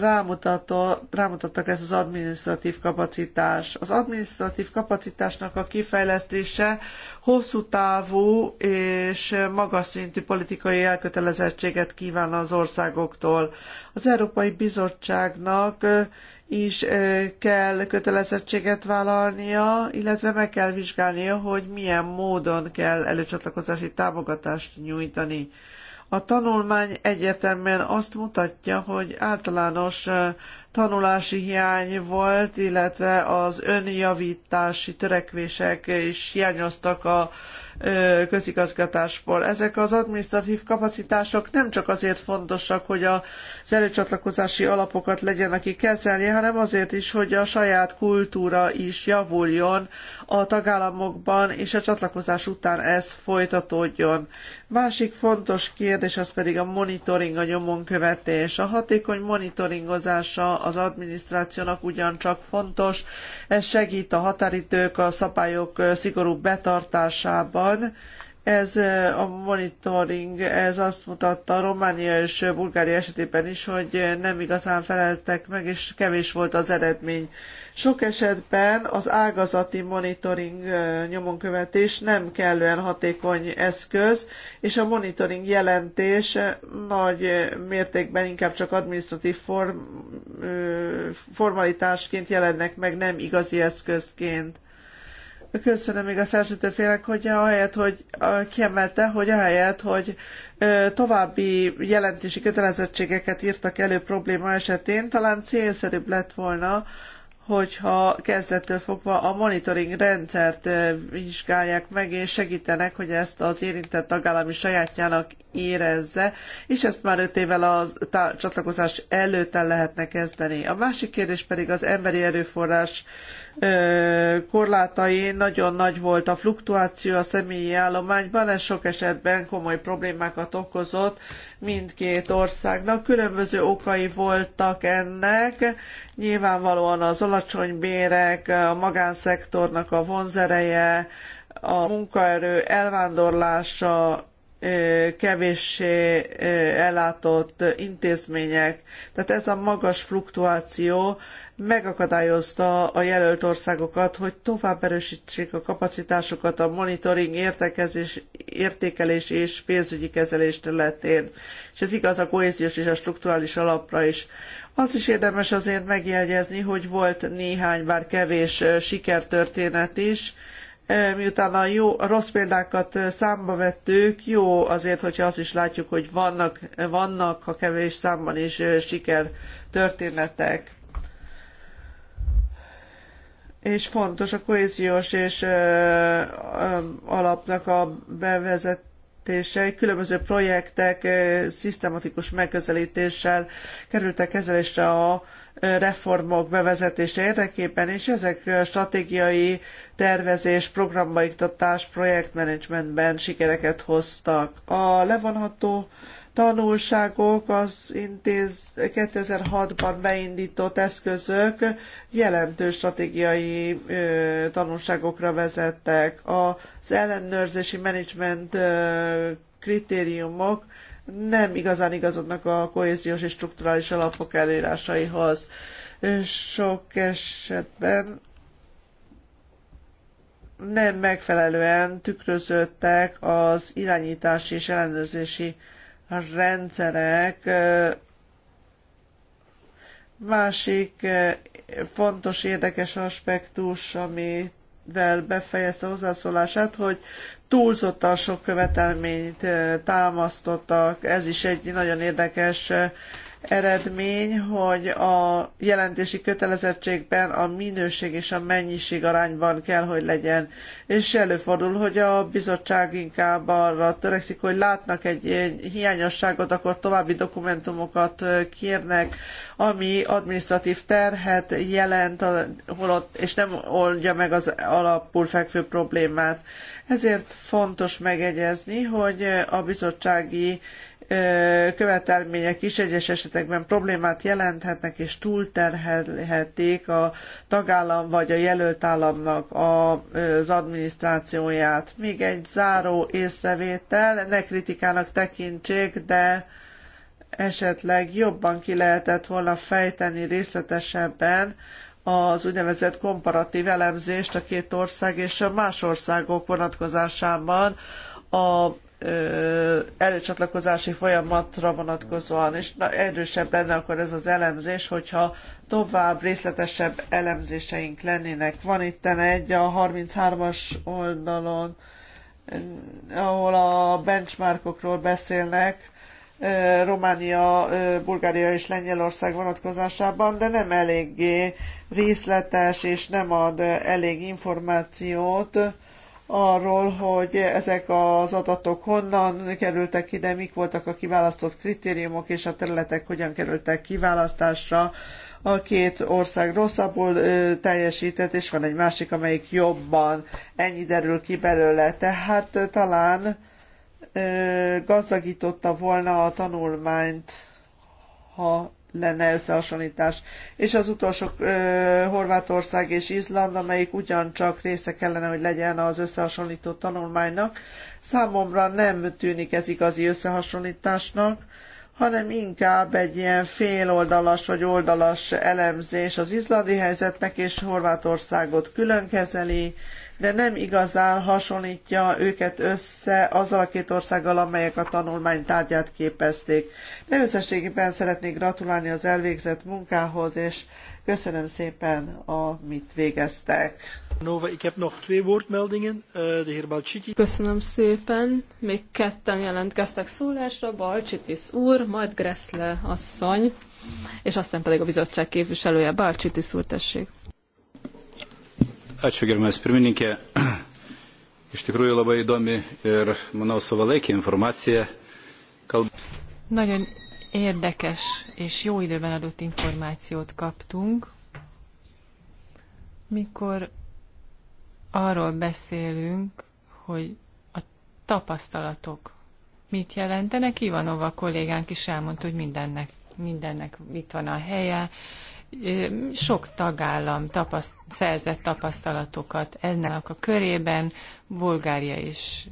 A: rámutattak ez az adminisztratív kapacitás. Az adminisztratív kapacitásnak a kifejlesztése hosszú távú és magas szintű politikai elkötelezettséget kíván az országoktól. Az Európai Bizottságnak is kell kötelezettséget vállalnia, illetve meg kell vizsgálnia, hogy milyen módon kell előcsatlakozási támogatást nyújtani. A tanulmány egyértelműen azt mutatja, hogy általános tanulási hiány volt, illetve az önjavítási törekvések is hiányoztak a közigazgatásból. Ezek az administratív kapacitások nem csak azért fontosak, hogy az előcsatlakozási alapokat legyen, aki kezelje, hanem azért is, hogy a saját kultúra is javuljon a tagállamokban, és a csatlakozás után ez folytatódjon. Másik fontos kérdés az pedig a monitoring, a nyomon követés. A hatékony monitoringozása az adminisztrációnak ugyancsak fontos. Ez segít a határidők, a szabályok szigorú betartásában, ez a monitoring, ez azt mutatta Románia és Bulgária esetében is, hogy nem igazán feleltek meg, és kevés volt az eredmény. Sok esetben az ágazati monitoring nyomonkövetés nem kellően hatékony eszköz, és a monitoring jelentés nagy mértékben inkább csak administratív form, formalitásként jelennek meg, nem igazi eszközként. Köszönöm még a szerzőtőfélek, hogy ahelyett, hogy kiemelte, hogy ahelyett, hogy további jelentési kötelezettségeket írtak elő probléma esetén, talán célszerűbb lett volna, hogyha kezdettől fogva a monitoring rendszert vizsgálják meg, és segítenek, hogy ezt az érintett tagállami sajátjának érezze, és ezt már öt évvel a csatlakozás előtt el lehetne kezdeni. A másik kérdés pedig az emberi erőforrás korlátai nagyon nagy volt a fluktuáció a személyi állományban, ez sok esetben komoly problémákat okozott mindkét országnak. Különböző okai voltak ennek, nyilvánvalóan az alacsony bérek, a magánszektornak a vonzereje, a munkaerő elvándorlása, kevéssé ellátott intézmények. Tehát ez a magas fluktuáció megakadályozta a jelölt országokat, hogy tovább erősítsék a kapacitásukat a monitoring, értekezés, értékelés és pénzügyi kezelés területén. És ez igaz a kohéziós és a strukturális alapra is. Azt is érdemes azért megjegyezni, hogy volt néhány, bár kevés sikertörténet is, miután a, jó, a rossz példákat számba vettük, jó azért, hogyha azt is látjuk, hogy vannak, vannak ha kevés számban is siker történetek és fontos a kohéziós és alapnak a bevezetése különböző projektek szisztematikus megközelítéssel kerültek kezelésre a reformok bevezetése érdekében, és ezek stratégiai tervezés, programbaiktatás, projektmenedzsmentben sikereket hoztak. A levonható tanulságok az intéz 2006-ban beindított eszközök jelentős stratégiai ö, tanulságokra vezettek. Az ellenőrzési menedzsment kritériumok nem igazán igazodnak a kohéziós és strukturális alapok elírásaihoz. Sok esetben nem megfelelően tükröződtek az irányítási és ellenőrzési rendszerek másik fontos, érdekes aspektus, amivel befejezte hozzászólását, hogy túlzottan sok követelményt támasztottak. Ez is egy nagyon érdekes eredmény, hogy a jelentési kötelezettségben a minőség és a mennyiség arányban kell, hogy legyen. És előfordul, hogy a bizottság inkább arra törekszik, hogy látnak egy, hiányosságot, akkor további dokumentumokat kérnek, ami administratív terhet jelent, holott, és nem oldja meg az alapul fekvő problémát. Ezért fontos megegyezni, hogy a bizottsági követelmények is egyes esetekben problémát jelenthetnek és túlterhelhetik a tagállam vagy a jelölt államnak az adminisztrációját. Még egy záró észrevétel, ne kritikának tekintsék, de esetleg jobban ki lehetett volna fejteni részletesebben az úgynevezett komparatív elemzést a két ország és a más országok vonatkozásában, a előcsatlakozási folyamatra vonatkozóan, és na, erősebb lenne akkor ez az elemzés, hogyha tovább részletesebb elemzéseink lennének. Van itt egy a 33-as oldalon, ahol a benchmarkokról beszélnek, Románia, Bulgária és Lengyelország vonatkozásában, de nem eléggé részletes és nem ad elég információt arról, hogy ezek az adatok honnan kerültek ide, mik voltak a kiválasztott kritériumok, és a területek hogyan kerültek kiválasztásra. A két ország rosszabbul ö, teljesített, és van egy másik, amelyik jobban. Ennyi derül ki belőle. Tehát ö, talán ö, gazdagította volna a tanulmányt, ha lenne összehasonlítás. És az utolsó Horvátország és Izland, amelyik ugyancsak része kellene, hogy legyen az összehasonlító tanulmánynak, számomra nem tűnik ez igazi összehasonlításnak, hanem inkább egy ilyen féloldalas vagy oldalas elemzés az izlandi helyzetnek, és Horvátországot külön kezeli, de nem igazán hasonlítja őket össze azzal a két országgal, amelyek a tanulmány tárgyát képezték. De összességében szeretnék gratulálni az elvégzett munkához, és köszönöm szépen, amit végeztek. Eh, de Köszönöm szépen. Még ketten
C: jelentkeztek szólásra. Balcsitis úr, majd Gressle asszony, és aztán pedig a bizottság képviselője. Balcsitis úr, tessék. Ačiū gerbiamas pirmininkė. Iš tikrųjų labai įdomi ir, manau, savalaikė
B: informacija. Kalb... Nagyon érdekes és jó időben adott információt kaptunk, mikor arról beszélünk, hogy a tapasztalatok mit jelentenek. Ivanova kollégánk is elmondta, hogy mindennek, mindennek itt van a helye, sok tagállam tapaszt, szerzett tapasztalatokat ennek a körében, Bulgária és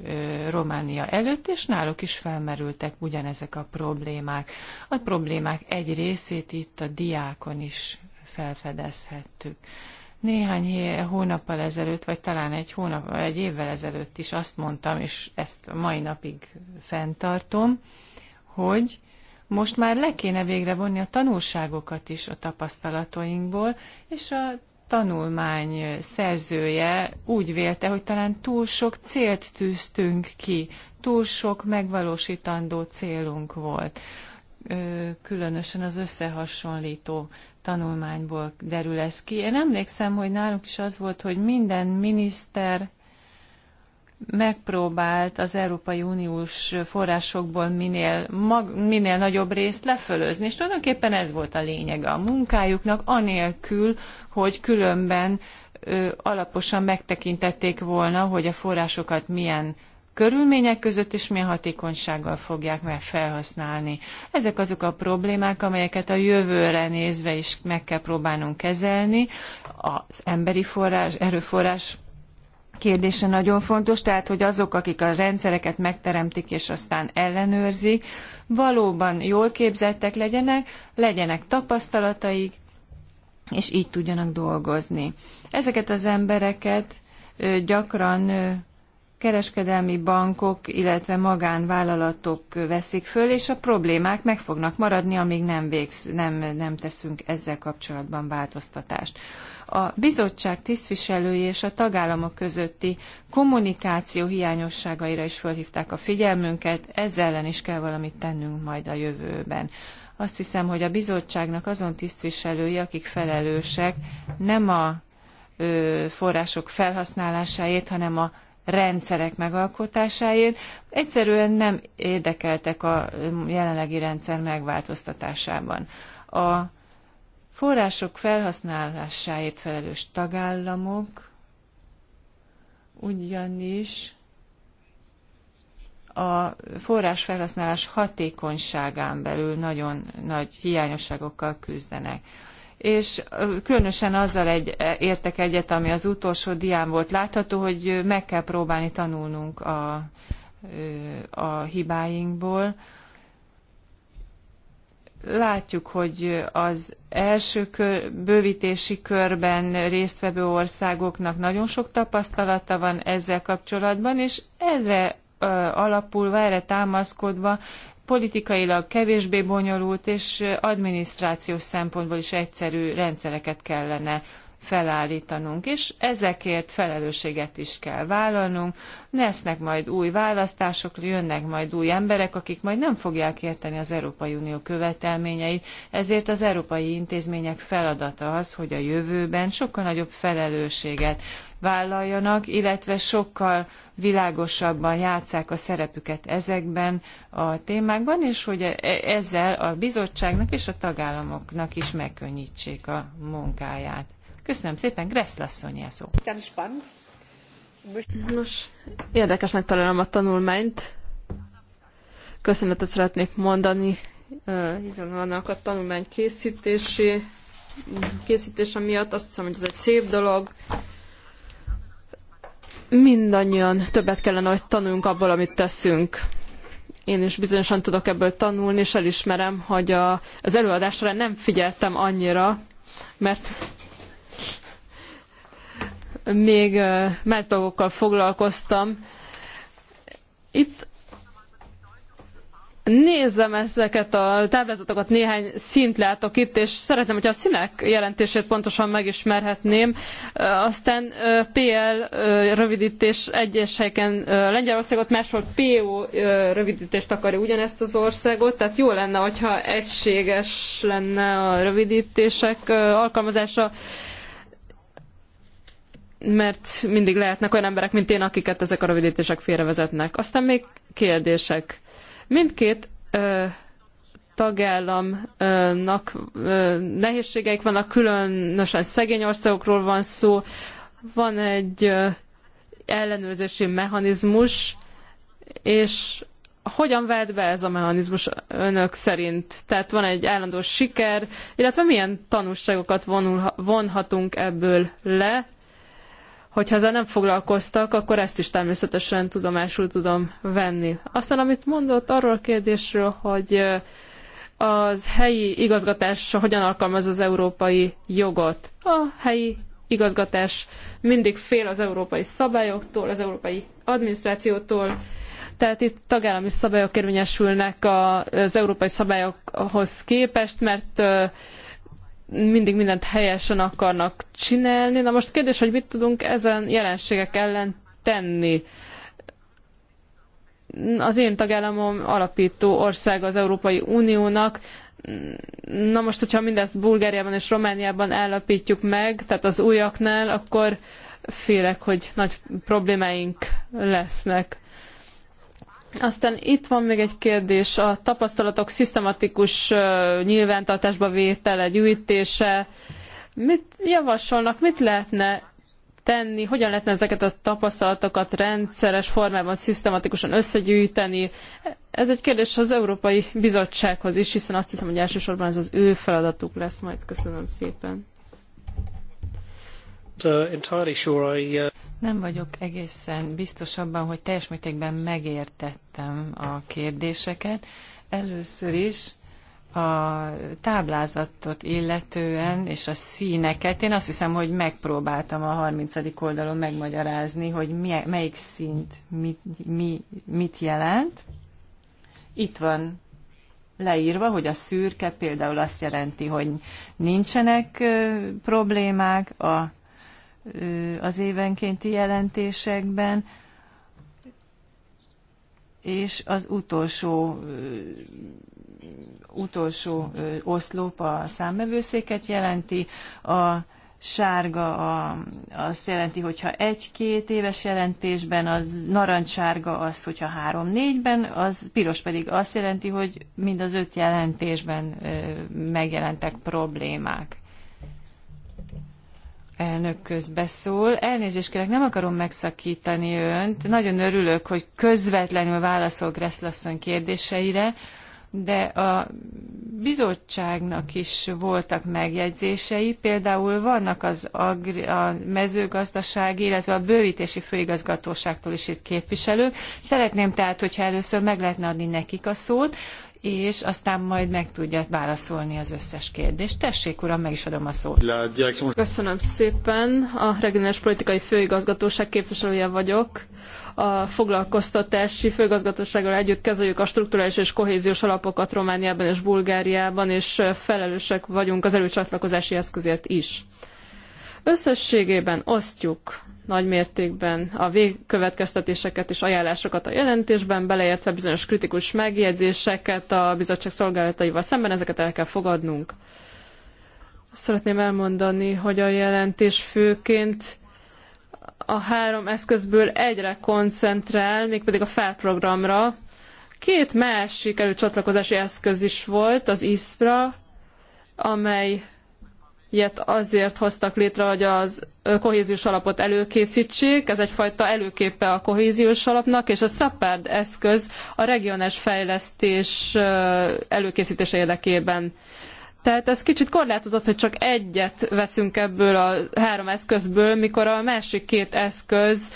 B: Románia előtt, és náluk is felmerültek ugyanezek a problémák. A problémák egy részét itt a diákon is felfedezhettük. Néhány hónappal ezelőtt, vagy talán egy, hónap, egy évvel ezelőtt is azt mondtam, és ezt a mai napig fenntartom, hogy most már le kéne végre vonni a tanulságokat is a tapasztalatainkból, és a tanulmány szerzője úgy vélte, hogy talán túl sok célt tűztünk ki, túl sok megvalósítandó célunk volt. Különösen az összehasonlító tanulmányból derül ez ki. Én emlékszem, hogy nálunk is az volt, hogy minden miniszter megpróbált az Európai Uniós forrásokból minél, mag, minél nagyobb részt lefölözni, és tulajdonképpen ez volt a lényege a munkájuknak, anélkül, hogy különben ö, alaposan megtekintették volna, hogy a forrásokat milyen körülmények között és milyen hatékonysággal fogják meg felhasználni. Ezek azok a problémák, amelyeket a jövőre nézve is meg kell próbálnunk kezelni. Az emberi forrás, erőforrás kérdése nagyon fontos, tehát hogy azok, akik a rendszereket megteremtik és aztán ellenőrzik, valóban jól képzettek legyenek, legyenek tapasztalataik, és így tudjanak dolgozni. Ezeket az embereket gyakran kereskedelmi bankok, illetve magánvállalatok veszik föl, és a problémák meg fognak maradni, amíg nem, végz, nem, nem teszünk ezzel kapcsolatban változtatást. A bizottság tisztviselői és a tagállamok közötti kommunikáció hiányosságaira is fölhívták a figyelmünket, ezzel ellen is kell valamit tennünk majd a jövőben azt hiszem, hogy a bizottságnak azon tisztviselői, akik felelősek, nem a források felhasználásáért, hanem a rendszerek megalkotásáért, egyszerűen nem érdekeltek a jelenlegi rendszer megváltoztatásában. A források felhasználásáért felelős tagállamok ugyanis a forrás felhasználás hatékonyságán belül nagyon nagy hiányosságokkal küzdenek és különösen azzal egy, e, értek egyet, ami az utolsó dián volt látható, hogy meg kell próbálni tanulnunk a, a hibáinkból. Látjuk, hogy az első kör, bővítési körben résztvevő országoknak nagyon sok tapasztalata van ezzel kapcsolatban, és ezre alapulva, erre támaszkodva politikailag kevésbé bonyolult és adminisztrációs szempontból is egyszerű rendszereket kellene felállítanunk, és ezekért felelősséget is kell vállalnunk. Lesznek majd új választások, jönnek majd új emberek, akik majd nem fogják érteni az Európai Unió követelményeit, ezért az európai intézmények feladata az, hogy a jövőben sokkal nagyobb felelősséget vállaljanak, illetve sokkal világosabban játszák a szerepüket ezekben a témákban, és hogy e- ezzel a bizottságnak és a tagállamoknak is megkönnyítsék a munkáját. Köszönöm szépen, Greszlasszony a szó. Nos, érdekesnek találom a tanulmányt.
C: Köszönetet szeretnék mondani igen, vannak a tanulmány készítési, készítése miatt. Azt hiszem, hogy ez egy szép dolog. Mindannyian többet kellene, hogy tanuljunk abból, amit teszünk. Én is bizonyosan tudok ebből tanulni, és elismerem, hogy a, az előadásra nem figyeltem annyira, mert még más dolgokkal foglalkoztam. Itt nézem ezeket a táblázatokat, néhány szint látok itt, és szeretném, hogyha a színek jelentését pontosan megismerhetném. Aztán PL rövidítés egyes helyeken Lengyelországot, máshol PO rövidítést akarja ugyanezt az országot, tehát jó lenne, hogyha egységes lenne a rövidítések alkalmazása mert mindig lehetnek olyan emberek, mint én, akiket ezek a rövidítések félrevezetnek. Aztán még kérdések. Mindkét ö, tagállamnak ö, nehézségeik vannak, különösen szegény országokról van szó. Van egy ö, ellenőrzési mechanizmus, és hogyan vált be ez a mechanizmus önök szerint? Tehát van egy állandó siker, illetve milyen tanulságokat vonulha, vonhatunk ebből le, Hogyha ezzel nem foglalkoztak, akkor ezt is természetesen tudomásul tudom venni. Aztán, amit mondott arról a kérdésről, hogy az helyi igazgatás hogyan alkalmaz az európai jogot. A helyi igazgatás mindig fél az európai szabályoktól, az európai adminisztrációtól, tehát itt tagállami szabályok érvényesülnek az európai szabályokhoz képest, mert mindig mindent helyesen akarnak csinálni. Na most kérdés, hogy mit tudunk ezen jelenségek ellen tenni? Az én tagállamom alapító ország az Európai Uniónak, Na most, hogyha mindezt Bulgáriában és Romániában állapítjuk meg, tehát az újaknál, akkor félek, hogy nagy problémáink lesznek. Aztán itt van még egy kérdés, a tapasztalatok szisztematikus nyilvántartásba vétele, gyűjtése. Mit javasolnak, mit lehetne tenni, hogyan lehetne ezeket a tapasztalatokat rendszeres formában, szisztematikusan összegyűjteni. Ez egy kérdés az Európai Bizottsághoz is, hiszen azt hiszem, hogy elsősorban ez az ő feladatuk lesz majd.
B: Köszönöm szépen. Uh, nem vagyok egészen biztos abban, hogy teljes mértékben megértettem a kérdéseket. Először is a táblázatot illetően és a színeket. Én azt hiszem, hogy megpróbáltam a 30. oldalon megmagyarázni, hogy mi, melyik szint mit, mi, mit jelent. Itt van leírva, hogy a szürke például azt jelenti, hogy nincsenek problémák, a az évenkénti jelentésekben, és az utolsó, utolsó oszlop a számbevőszéket jelenti, a sárga a, azt jelenti, hogyha egy-két éves jelentésben, az narancssárga az, hogyha három-négyben, az piros pedig azt jelenti, hogy mind az öt jelentésben megjelentek problémák elnök közbeszól. Elnézést kérek, nem akarom megszakítani önt. Nagyon örülök, hogy közvetlenül válaszol Greszlasszony kérdéseire, de a bizottságnak is voltak megjegyzései, például vannak az agri, a mezőgazdaság, illetve a bővítési főigazgatóságtól is itt képviselők. Szeretném tehát, hogyha először meg lehetne adni nekik a szót, és aztán majd meg tudja válaszolni az összes kérdést. Tessék, uram, meg is adom a szót. Köszönöm szépen. A regionális politikai főigazgatóság
C: képviselője vagyok. A foglalkoztatási főigazgatósággal együtt kezeljük a strukturális és kohéziós alapokat Romániában és Bulgáriában, és felelősek vagyunk az előcsatlakozási eszközért is. Összességében osztjuk nagy mértékben a végkövetkeztetéseket és ajánlásokat a jelentésben, beleértve bizonyos kritikus megjegyzéseket a bizottság szolgálataival szemben, ezeket el kell fogadnunk. Szeretném elmondani, hogy a jelentés főként a három eszközből egyre koncentrál, mégpedig a felprogramra. Két másik előcsatlakozási eszköz is volt, az ISPRA, amely ilyet azért hoztak létre, hogy az kohéziós alapot előkészítsék, ez egyfajta előképe a kohéziós alapnak, és a SAPARD eszköz a regionális fejlesztés előkészítése érdekében. Tehát ez kicsit korlátozott, hogy csak egyet veszünk ebből a három eszközből, mikor a másik két eszköz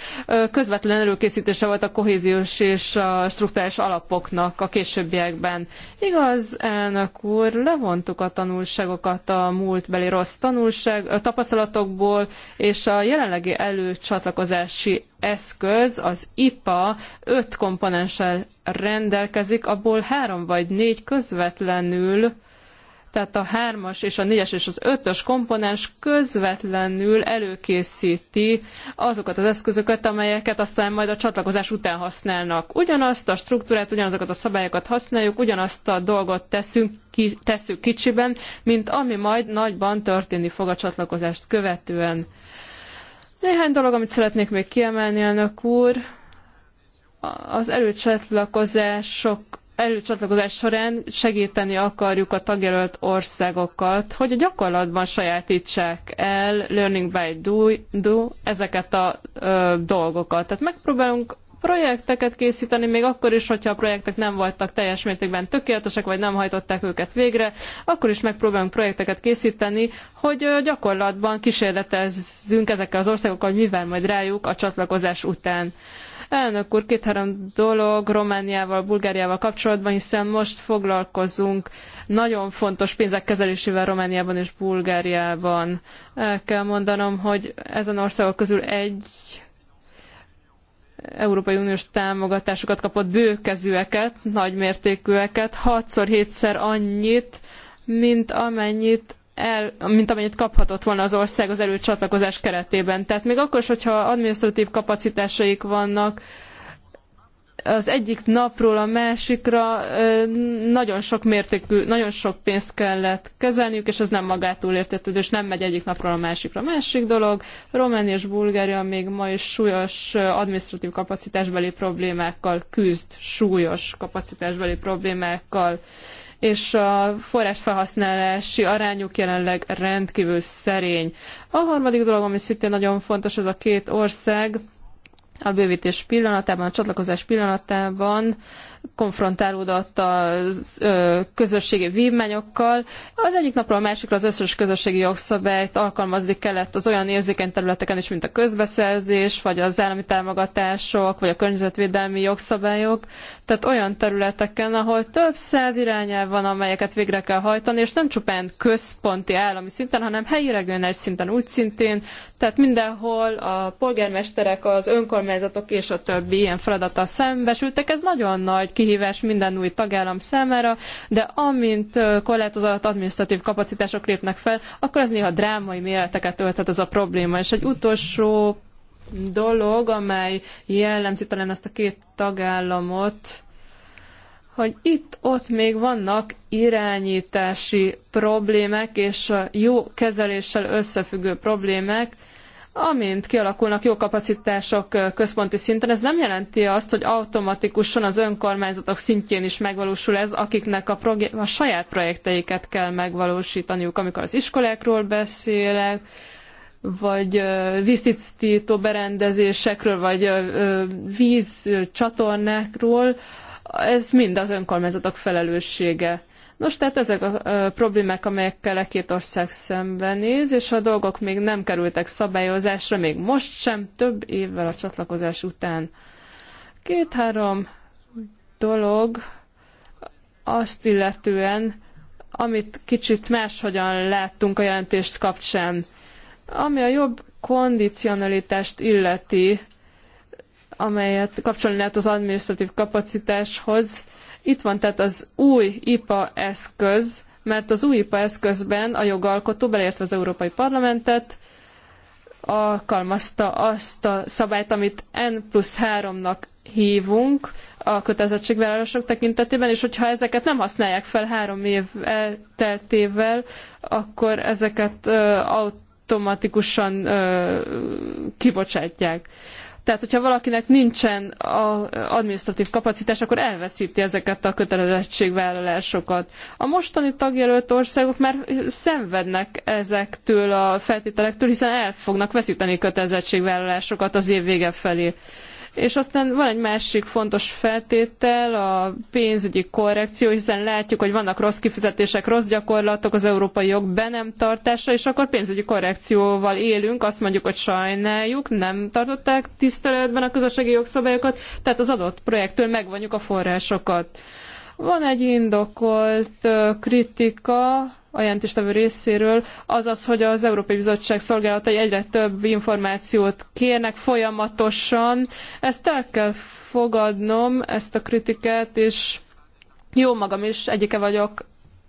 C: közvetlen előkészítése volt a kohéziós és a struktúrás alapoknak a későbbiekben. Igaz, elnök úr, levontuk a tanulságokat a múltbeli rossz tanulság a tapasztalatokból, és a jelenlegi előcsatlakozási eszköz, az IPA öt komponenssel rendelkezik, abból három vagy négy közvetlenül tehát a hármas és a négyes és az ötös komponens közvetlenül előkészíti azokat az eszközöket, amelyeket aztán majd a csatlakozás után használnak. Ugyanazt a struktúrát, ugyanazokat a szabályokat használjuk, ugyanazt a dolgot teszünk, ki, tesszük kicsiben, mint ami majd nagyban történni fog a csatlakozást követően. Néhány dolog, amit szeretnék még kiemelni, elnök úr. Az előcsatlakozások előcsatlakozás során segíteni akarjuk a tagjelölt országokat, hogy a gyakorlatban sajátítsák el learning by do, do ezeket a ö, dolgokat. Tehát megpróbálunk projekteket készíteni, még akkor is, hogyha a projektek nem voltak teljes mértékben tökéletesek, vagy nem hajtották őket végre, akkor is megpróbálunk projekteket készíteni, hogy gyakorlatban kísérletezzünk ezekkel az országokkal, hogy mivel majd rájuk a csatlakozás után. Ö, Elnök úr, két-három dolog Romániával, Bulgáriával kapcsolatban, hiszen most foglalkozunk nagyon fontos pénzek kezelésével Romániában és Bulgáriában. El kell mondanom, hogy ezen országok közül egy Európai Uniós támogatásokat kapott bőkezűeket, nagymértékűeket, 6-7-szer annyit, mint amennyit el, mint amennyit kaphatott volna az ország az előcsatlakozás keretében. Tehát még akkor is, hogyha administratív kapacitásaik vannak, az egyik napról a másikra nagyon sok mértékű, nagyon sok pénzt kellett kezelniük, és ez nem magától értetődő, és nem megy egyik napról a másikra. Másik dolog, Románia és Bulgária még ma is súlyos administratív kapacitásbeli problémákkal küzd, súlyos kapacitásbeli problémákkal és a forrásfelhasználási arányuk jelenleg rendkívül szerény. A harmadik dolog, ami szintén nagyon fontos, az a két ország, a bővítés pillanatában, a csatlakozás pillanatában konfrontálódott a közösségi vívmányokkal. Az egyik napról a másikra az összes közösségi jogszabályt alkalmazni kellett az olyan érzékeny területeken is, mint a közbeszerzés, vagy az állami támogatások, vagy a környezetvédelmi jogszabályok. Tehát olyan területeken, ahol több száz irányelv van, amelyeket végre kell hajtani, és nem csupán központi állami szinten, hanem helyi regionális szinten úgy szintén, tehát mindenhol a polgármesterek, az önkormányzatok és a többi ilyen feladattal szembesültek. Ez nagyon nagy kihívás minden új tagállam számára, de amint korlátozott administratív kapacitások lépnek fel, akkor ez néha drámai méreteket ölthet ez a probléma. És egy utolsó dolog, amely jellemzi talán ezt a két tagállamot, hogy itt-ott még vannak irányítási problémák és a jó kezeléssel összefüggő problémák, amint kialakulnak jó kapacitások központi szinten, ez nem jelenti azt, hogy automatikusan az önkormányzatok szintjén is megvalósul ez, akiknek a, a saját projekteiket kell megvalósítaniuk, amikor az iskolákról beszélek, vagy víztisztító berendezésekről, vagy vízcsatornákról, ez mind az önkormányzatok felelőssége. Nos, tehát ezek a problémák, amelyekkel e két ország szembenéz, és a dolgok még nem kerültek szabályozásra, még most sem, több évvel a csatlakozás után. Két-három dolog azt illetően, amit kicsit máshogyan láttunk a jelentést kapcsán. Ami a jobb kondicionalitást illeti, amelyet kapcsolni lehet az administratív kapacitáshoz, itt van tehát az új IPA eszköz, mert az új IPA eszközben a jogalkotó, beleértve az Európai Parlamentet, alkalmazta azt a szabályt, amit N plusz 3-nak hívunk a kötelezettségvállalások tekintetében, és hogyha ezeket nem használják fel három év elteltével, akkor ezeket automatikusan kibocsátják. Tehát, hogyha valakinek nincsen a administratív kapacitás, akkor elveszíti ezeket a kötelezettségvállalásokat. A mostani tagjelölt országok már szenvednek ezektől a feltételektől, hiszen el fognak veszíteni kötelezettségvállalásokat az év vége felé. És aztán van egy másik fontos feltétel, a pénzügyi korrekció, hiszen látjuk, hogy vannak rossz kifizetések, rossz gyakorlatok az európai jog be nem tartása, és akkor pénzügyi korrekcióval élünk, azt mondjuk, hogy sajnáljuk, nem tartották tiszteletben a közösségi jogszabályokat, tehát az adott projektől megvonjuk a forrásokat. Van egy indokolt kritika a jelentéstevő részéről, azaz, hogy az Európai Bizottság szolgálatai egyre több információt kérnek folyamatosan. Ezt el kell fogadnom, ezt a kritikát, és jó magam is egyike vagyok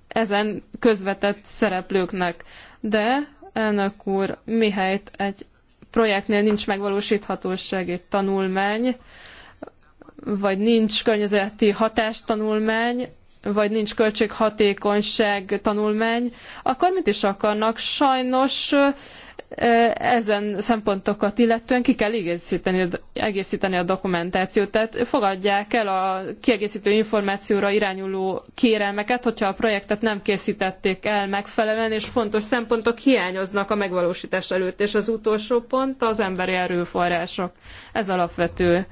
C: ezen közvetett szereplőknek. De, elnök úr, mihelyt egy projektnél nincs megvalósíthatóság egy tanulmány, vagy nincs környezeti hatástanulmány, vagy nincs költséghatékonyság tanulmány, akkor mit is akarnak? Sajnos ezen szempontokat illetően ki kell egészíteni, egészíteni a dokumentációt. Tehát fogadják el a kiegészítő információra irányuló kérelmeket, hogyha a projektet nem készítették el megfelelően, és fontos szempontok hiányoznak a megvalósítás előtt. És az utolsó pont az emberi erőforrások. Ez alapvető.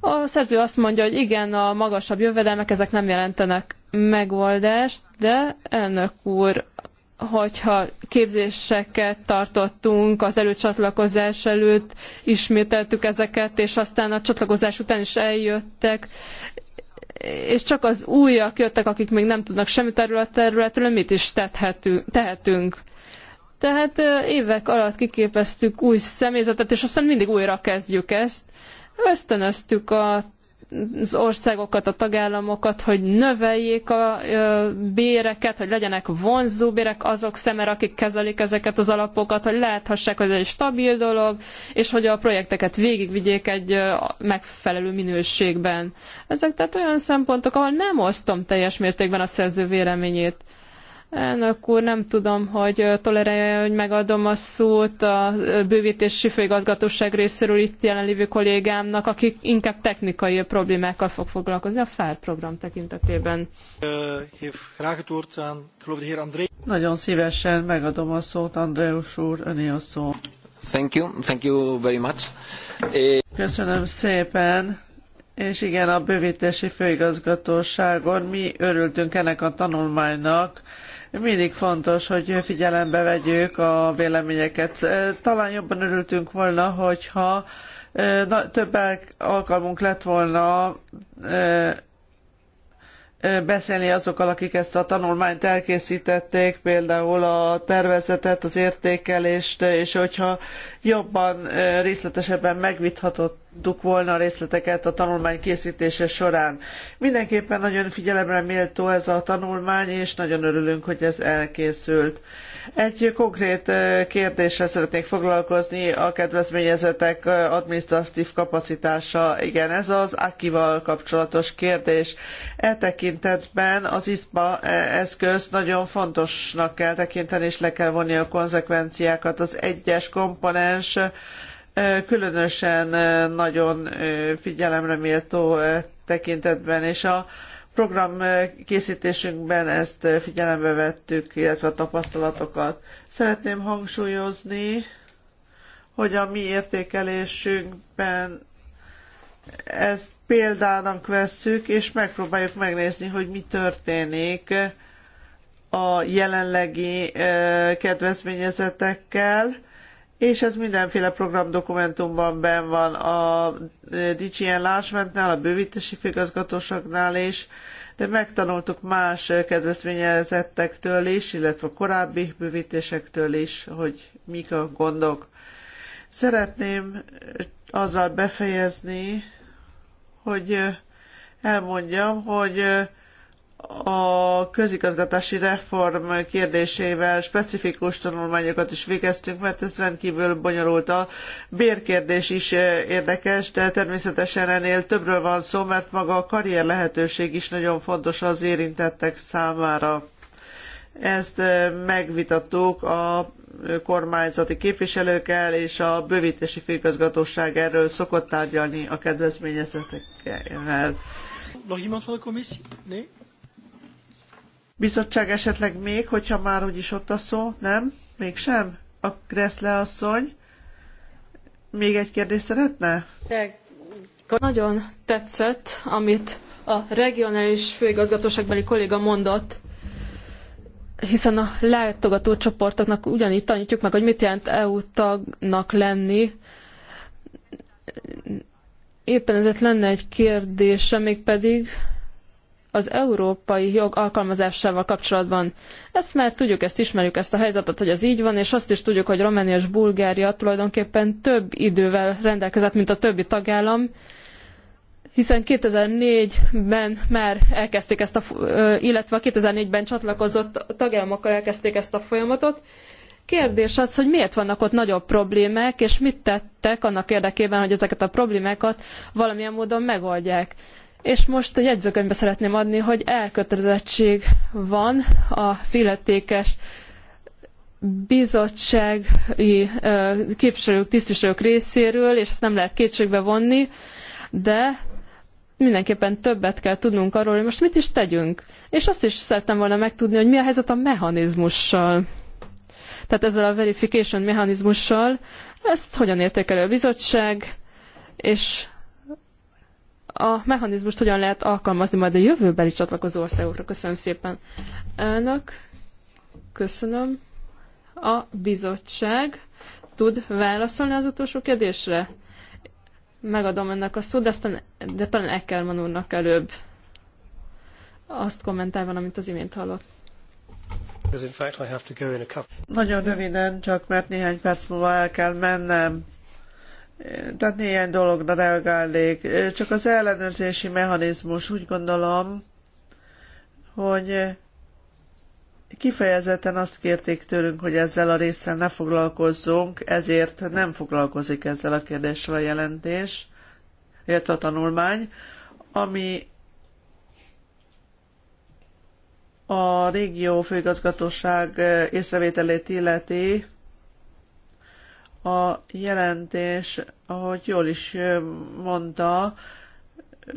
C: A szerző azt mondja, hogy igen, a magasabb jövedelmek ezek nem jelentenek megoldást, de elnök úr, hogyha képzéseket tartottunk az előcsatlakozás előtt, ismételtük ezeket, és aztán a csatlakozás után is eljöttek, és csak az újak jöttek, akik még nem tudnak semmit erről a területről, mit is tehetünk. Tehát évek alatt kiképeztük új személyzetet, és aztán mindig újra kezdjük ezt ösztönöztük a az országokat, a tagállamokat, hogy növeljék a béreket, hogy legyenek vonzó bérek azok szemére, akik kezelik ezeket az alapokat, hogy láthassák, hogy ez egy stabil dolog, és hogy a projekteket végigvigyék egy megfelelő minőségben. Ezek tehát olyan szempontok, ahol nem osztom teljes mértékben a szerző véleményét. Elnök úr, nem tudom, hogy tolerálja, hogy megadom a szót a bővítési főigazgatóság részéről itt jelenlévő kollégámnak, aki inkább technikai problémákkal fog foglalkozni a FAR program tekintetében. Nagyon
A: szívesen megadom a szót, Andreus úr, öné a szó.
C: Thank you, thank you very much.
A: Eh, Köszönöm szépen. És igen, a bővítési főigazgatóságon mi örültünk ennek a tanulmánynak, mindig fontos, hogy figyelembe vegyük a véleményeket. Talán jobban örültünk volna, hogyha több alkalmunk lett volna beszélni azokkal, akik ezt a tanulmányt elkészítették, például a tervezetet, az értékelést, és hogyha jobban részletesebben megvithatott tudtuk volna részleteket a tanulmány készítése során. Mindenképpen nagyon figyelemre méltó ez a tanulmány, és nagyon örülünk, hogy ez elkészült. Egy konkrét kérdéssel szeretnék foglalkozni, a kedvezményezetek administratív kapacitása. Igen, ez az Akival kapcsolatos kérdés. E tekintetben az ISPA eszközt nagyon fontosnak kell tekinteni, és le kell vonni a konzekvenciákat. Az egyes komponens különösen nagyon figyelemre méltó tekintetben, és a program készítésünkben ezt figyelembe vettük, illetve a tapasztalatokat. Szeretném hangsúlyozni, hogy a mi értékelésünkben ezt példának vesszük, és megpróbáljuk megnézni, hogy mi történik a jelenlegi kedvezményezetekkel, és ez mindenféle programdokumentumban ben van a eh, DG Enlargementnál, a bővítési főgazgatóságnál is, de megtanultuk más eh, kedvezményezettektől is, illetve a korábbi bővítésektől is, hogy mik a gondok. Szeretném eh, azzal befejezni, hogy elmondjam, hogy a közigazgatási reform kérdésével specifikus tanulmányokat is végeztünk, mert ez rendkívül bonyolult. A bérkérdés is eh, érdekes, de természetesen ennél többről van szó, mert maga a karrier lehetőség is nagyon fontos az érintettek számára. Ezt eh, megvitattuk a kormányzati képviselőkkel, és a bővítési főigazgatóság erről szokott tárgyalni a kedvezményezetekkel. L'argument de la commission, Bizottság esetleg még, hogyha már úgyis ott a szó, nem? Mégsem? A Gressle asszony még egy kérdést szeretne?
C: Nagyon tetszett, amit a regionális főigazgatóságbeli kolléga mondott, hiszen a látogató csoportoknak ugyanígy tanítjuk meg, hogy mit jelent EU tagnak lenni. Éppen ezért lenne egy kérdése, mégpedig az európai jog alkalmazásával kapcsolatban. Ezt már tudjuk, ezt ismerjük, ezt a helyzetet, hogy ez így van, és azt is tudjuk, hogy Románia és Bulgária tulajdonképpen több idővel rendelkezett, mint a többi tagállam, hiszen 2004-ben már elkezdték ezt a, illetve 2004-ben csatlakozott tagállamokkal elkezdték ezt a folyamatot. Kérdés az, hogy miért vannak ott nagyobb problémák, és mit tettek annak érdekében, hogy ezeket a problémákat valamilyen módon megoldják. És most a jegyzőkönyvbe szeretném adni, hogy elkötelezettség van az illetékes bizottsági képviselők, tisztviselők részéről, és ezt nem lehet kétségbe vonni, de mindenképpen többet kell tudnunk arról, hogy most mit is tegyünk. És azt is szerettem volna megtudni, hogy mi a helyzet a mechanizmussal. Tehát ezzel a verification mechanizmussal, ezt hogyan értékelő a bizottság, és a mechanizmust hogyan lehet alkalmazni majd a jövőbeli csatlakozó országokra. Köszönöm szépen. Elnök, köszönöm. A bizottság tud válaszolni az utolsó kérdésre? Megadom ennek a szót, de, aztán, de talán Ekelman úrnak előbb
A: azt kommentálva, amit az imént hallott. Nagyon röviden, csak mert néhány perc múlva el kell mennem. Tehát néhány dologra reagálnék. Csak az ellenőrzési mechanizmus úgy gondolom, hogy kifejezetten azt kérték tőlünk, hogy ezzel a résszel ne foglalkozzunk, ezért nem foglalkozik ezzel a kérdéssel a jelentés, illetve a tanulmány, ami a régió főigazgatóság észrevételét illeti, a jelentés, ahogy jól is mondta,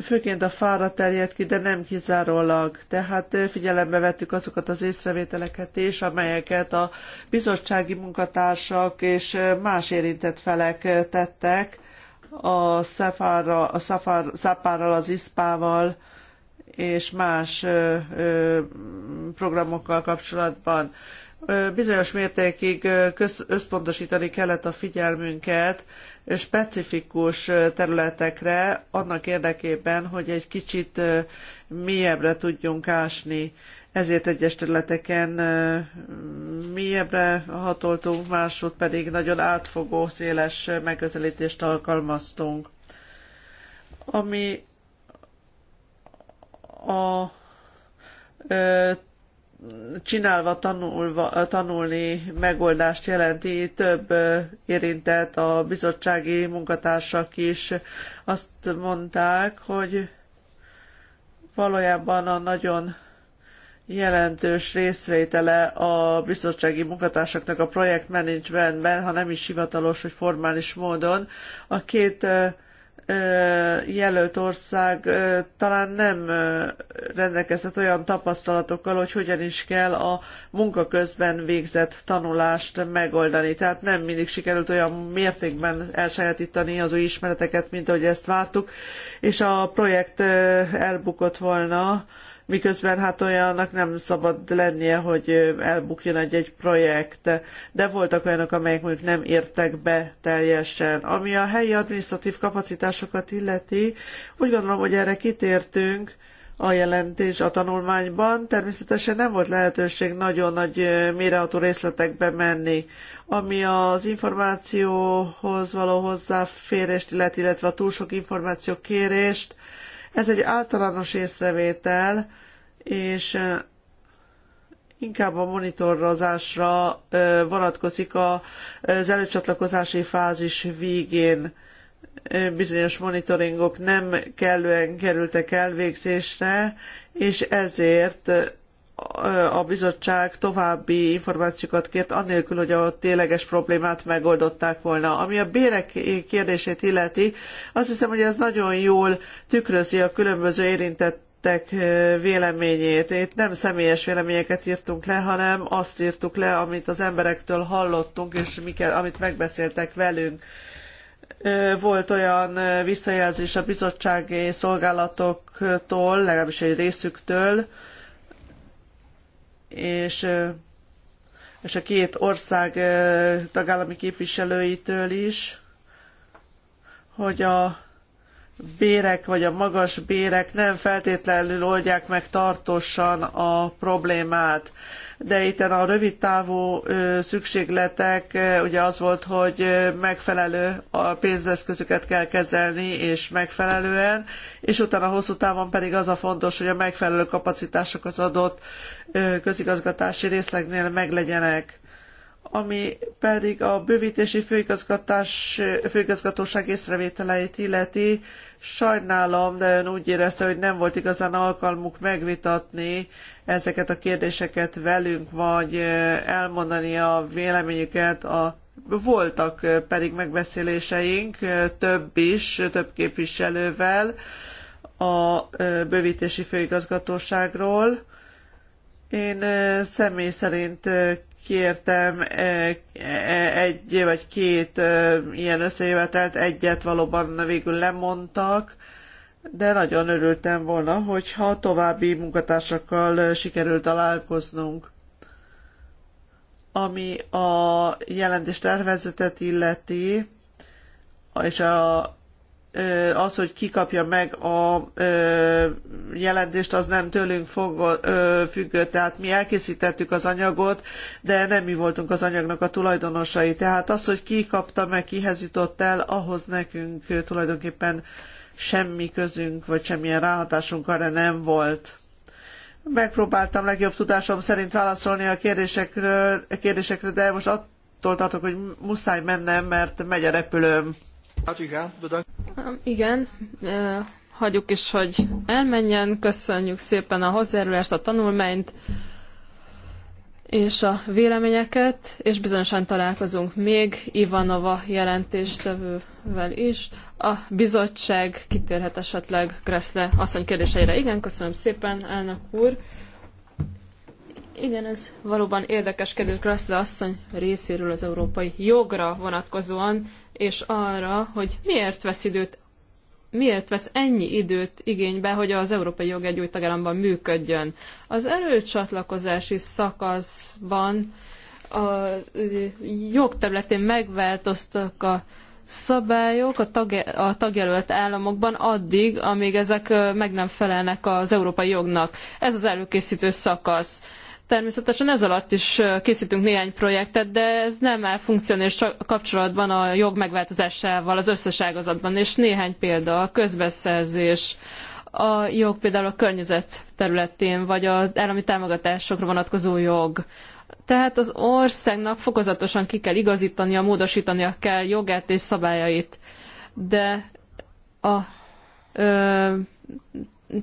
A: főként a fára terjed ki, de nem kizárólag. Tehát figyelembe vettük azokat az észrevételeket is, amelyeket a bizottsági munkatársak és más érintett felek tettek a szapárral, az iszpával és más programokkal kapcsolatban bizonyos mértékig összpontosítani kellett a figyelmünket specifikus területekre annak érdekében, hogy egy kicsit mélyebbre tudjunk ásni. Ezért egyes területeken mélyebbre hatoltunk, másod pedig nagyon átfogó, széles megközelítést alkalmaztunk. Ami a csinálva, tanulva, tanulni megoldást jelenti. Több érintett a bizottsági munkatársak is azt mondták, hogy valójában a nagyon jelentős részvétele a bizottsági munkatársaknak a projektmenedzsmentben, ha nem is hivatalos, hogy formális módon. A két jelölt ország talán nem rendelkezett olyan tapasztalatokkal, hogy hogyan is kell a munka közben végzett tanulást megoldani. Tehát nem mindig sikerült olyan mértékben elsajátítani az új ismereteket, mint ahogy ezt vártuk, és a projekt elbukott volna, miközben hát olyannak nem szabad lennie, hogy elbukjon egy-egy projekt, de voltak olyanok, amelyek mondjuk nem értek be teljesen. Ami a helyi administratív kapacitásokat illeti, úgy gondolom, hogy erre kitértünk, a jelentés a tanulmányban. Természetesen nem volt lehetőség nagyon nagy méreható részletekbe menni, ami az információhoz való hozzáférést, illet, illetve a túl sok információ kérést, ez egy általános észrevétel, és inkább a monitorozásra vonatkozik az előcsatlakozási fázis végén bizonyos monitoringok nem kellően kerültek elvégzésre, és ezért a bizottság további információkat kért, annélkül, hogy a tényleges problémát megoldották volna. Ami a bérek kérdését illeti, azt hiszem, hogy ez nagyon jól tükrözi a különböző érintett véleményét. Itt nem személyes véleményeket írtunk le, hanem azt írtuk le, amit az emberektől hallottunk, és miket, amit megbeszéltek velünk volt olyan visszajelzés a bizottsági szolgálatoktól, legalábbis egy részüktől, és és a két ország tagállami képviselőitől is, hogy a bérek vagy a magas bérek nem feltétlenül oldják meg tartósan a problémát. De itt a rövid távú szükségletek, ugye az volt, hogy megfelelő a pénzeszközöket kell kezelni, és megfelelően, és utána hosszú távon pedig az a fontos, hogy a megfelelő kapacitások az adott közigazgatási részlegnél meglegyenek ami pedig a bővítési főigazgatás, főigazgatóság észrevételeit illeti, sajnálom, de ön úgy érezte, hogy nem volt igazán alkalmuk megvitatni ezeket a kérdéseket velünk, vagy elmondani a véleményüket. A, voltak pedig megbeszéléseink, több is, több képviselővel a bővítési főigazgatóságról én személy szerint kértem e, egy vagy két ilyen összejövetelt, egyet valóban végül lemondtak, de nagyon örültem volna, hogyha további munkatársakkal sikerült találkoznunk. Ami a jelentés tervezetet illeti, és a az, hogy ki kapja meg a jelentést, az nem tőlünk függött. Tehát mi elkészítettük az anyagot, de nem mi voltunk az anyagnak a tulajdonosai. Tehát az, hogy ki kapta meg, kihez jutott el, ahhoz nekünk tulajdonképpen semmi közünk, vagy semmilyen ráhatásunk arra nem volt. Megpróbáltam legjobb tudásom szerint válaszolni a a kérdésekre, de most attól tartok, hogy muszáj mennem, mert megy a repülőm. Hát
C: igen, hagyjuk is, hogy elmenjen. Köszönjük szépen a hozzájárulást, a tanulmányt és a véleményeket, és bizonyosan találkozunk még Ivanova jelentéstevővel is. A bizottság kitérhet esetleg Kreszle asszony kérdéseire. Igen, köszönöm szépen, elnök úr. Igen, ez valóban érdekes kérdés Graszle asszony részéről az európai jogra vonatkozóan, és arra, hogy miért vesz időt, miért vesz ennyi időt igénybe, hogy az európai jog egy új tagállamban működjön. Az előcsatlakozási szakaszban a jogterületén megváltoztak a szabályok a, tag, a tagjelölt államokban addig, amíg ezek meg nem felelnek az európai jognak. Ez az előkészítő szakasz Természetesen ez alatt is készítünk néhány projektet, de ez nem áll funkcionális kapcsolatban a jog megváltozásával az összes ágazatban, és néhány példa a közbeszerzés, a jog például a környezet területén, vagy az állami támogatásokra vonatkozó jog. Tehát az országnak fokozatosan ki kell igazítania, módosítania kell jogát és szabályait. De a ö,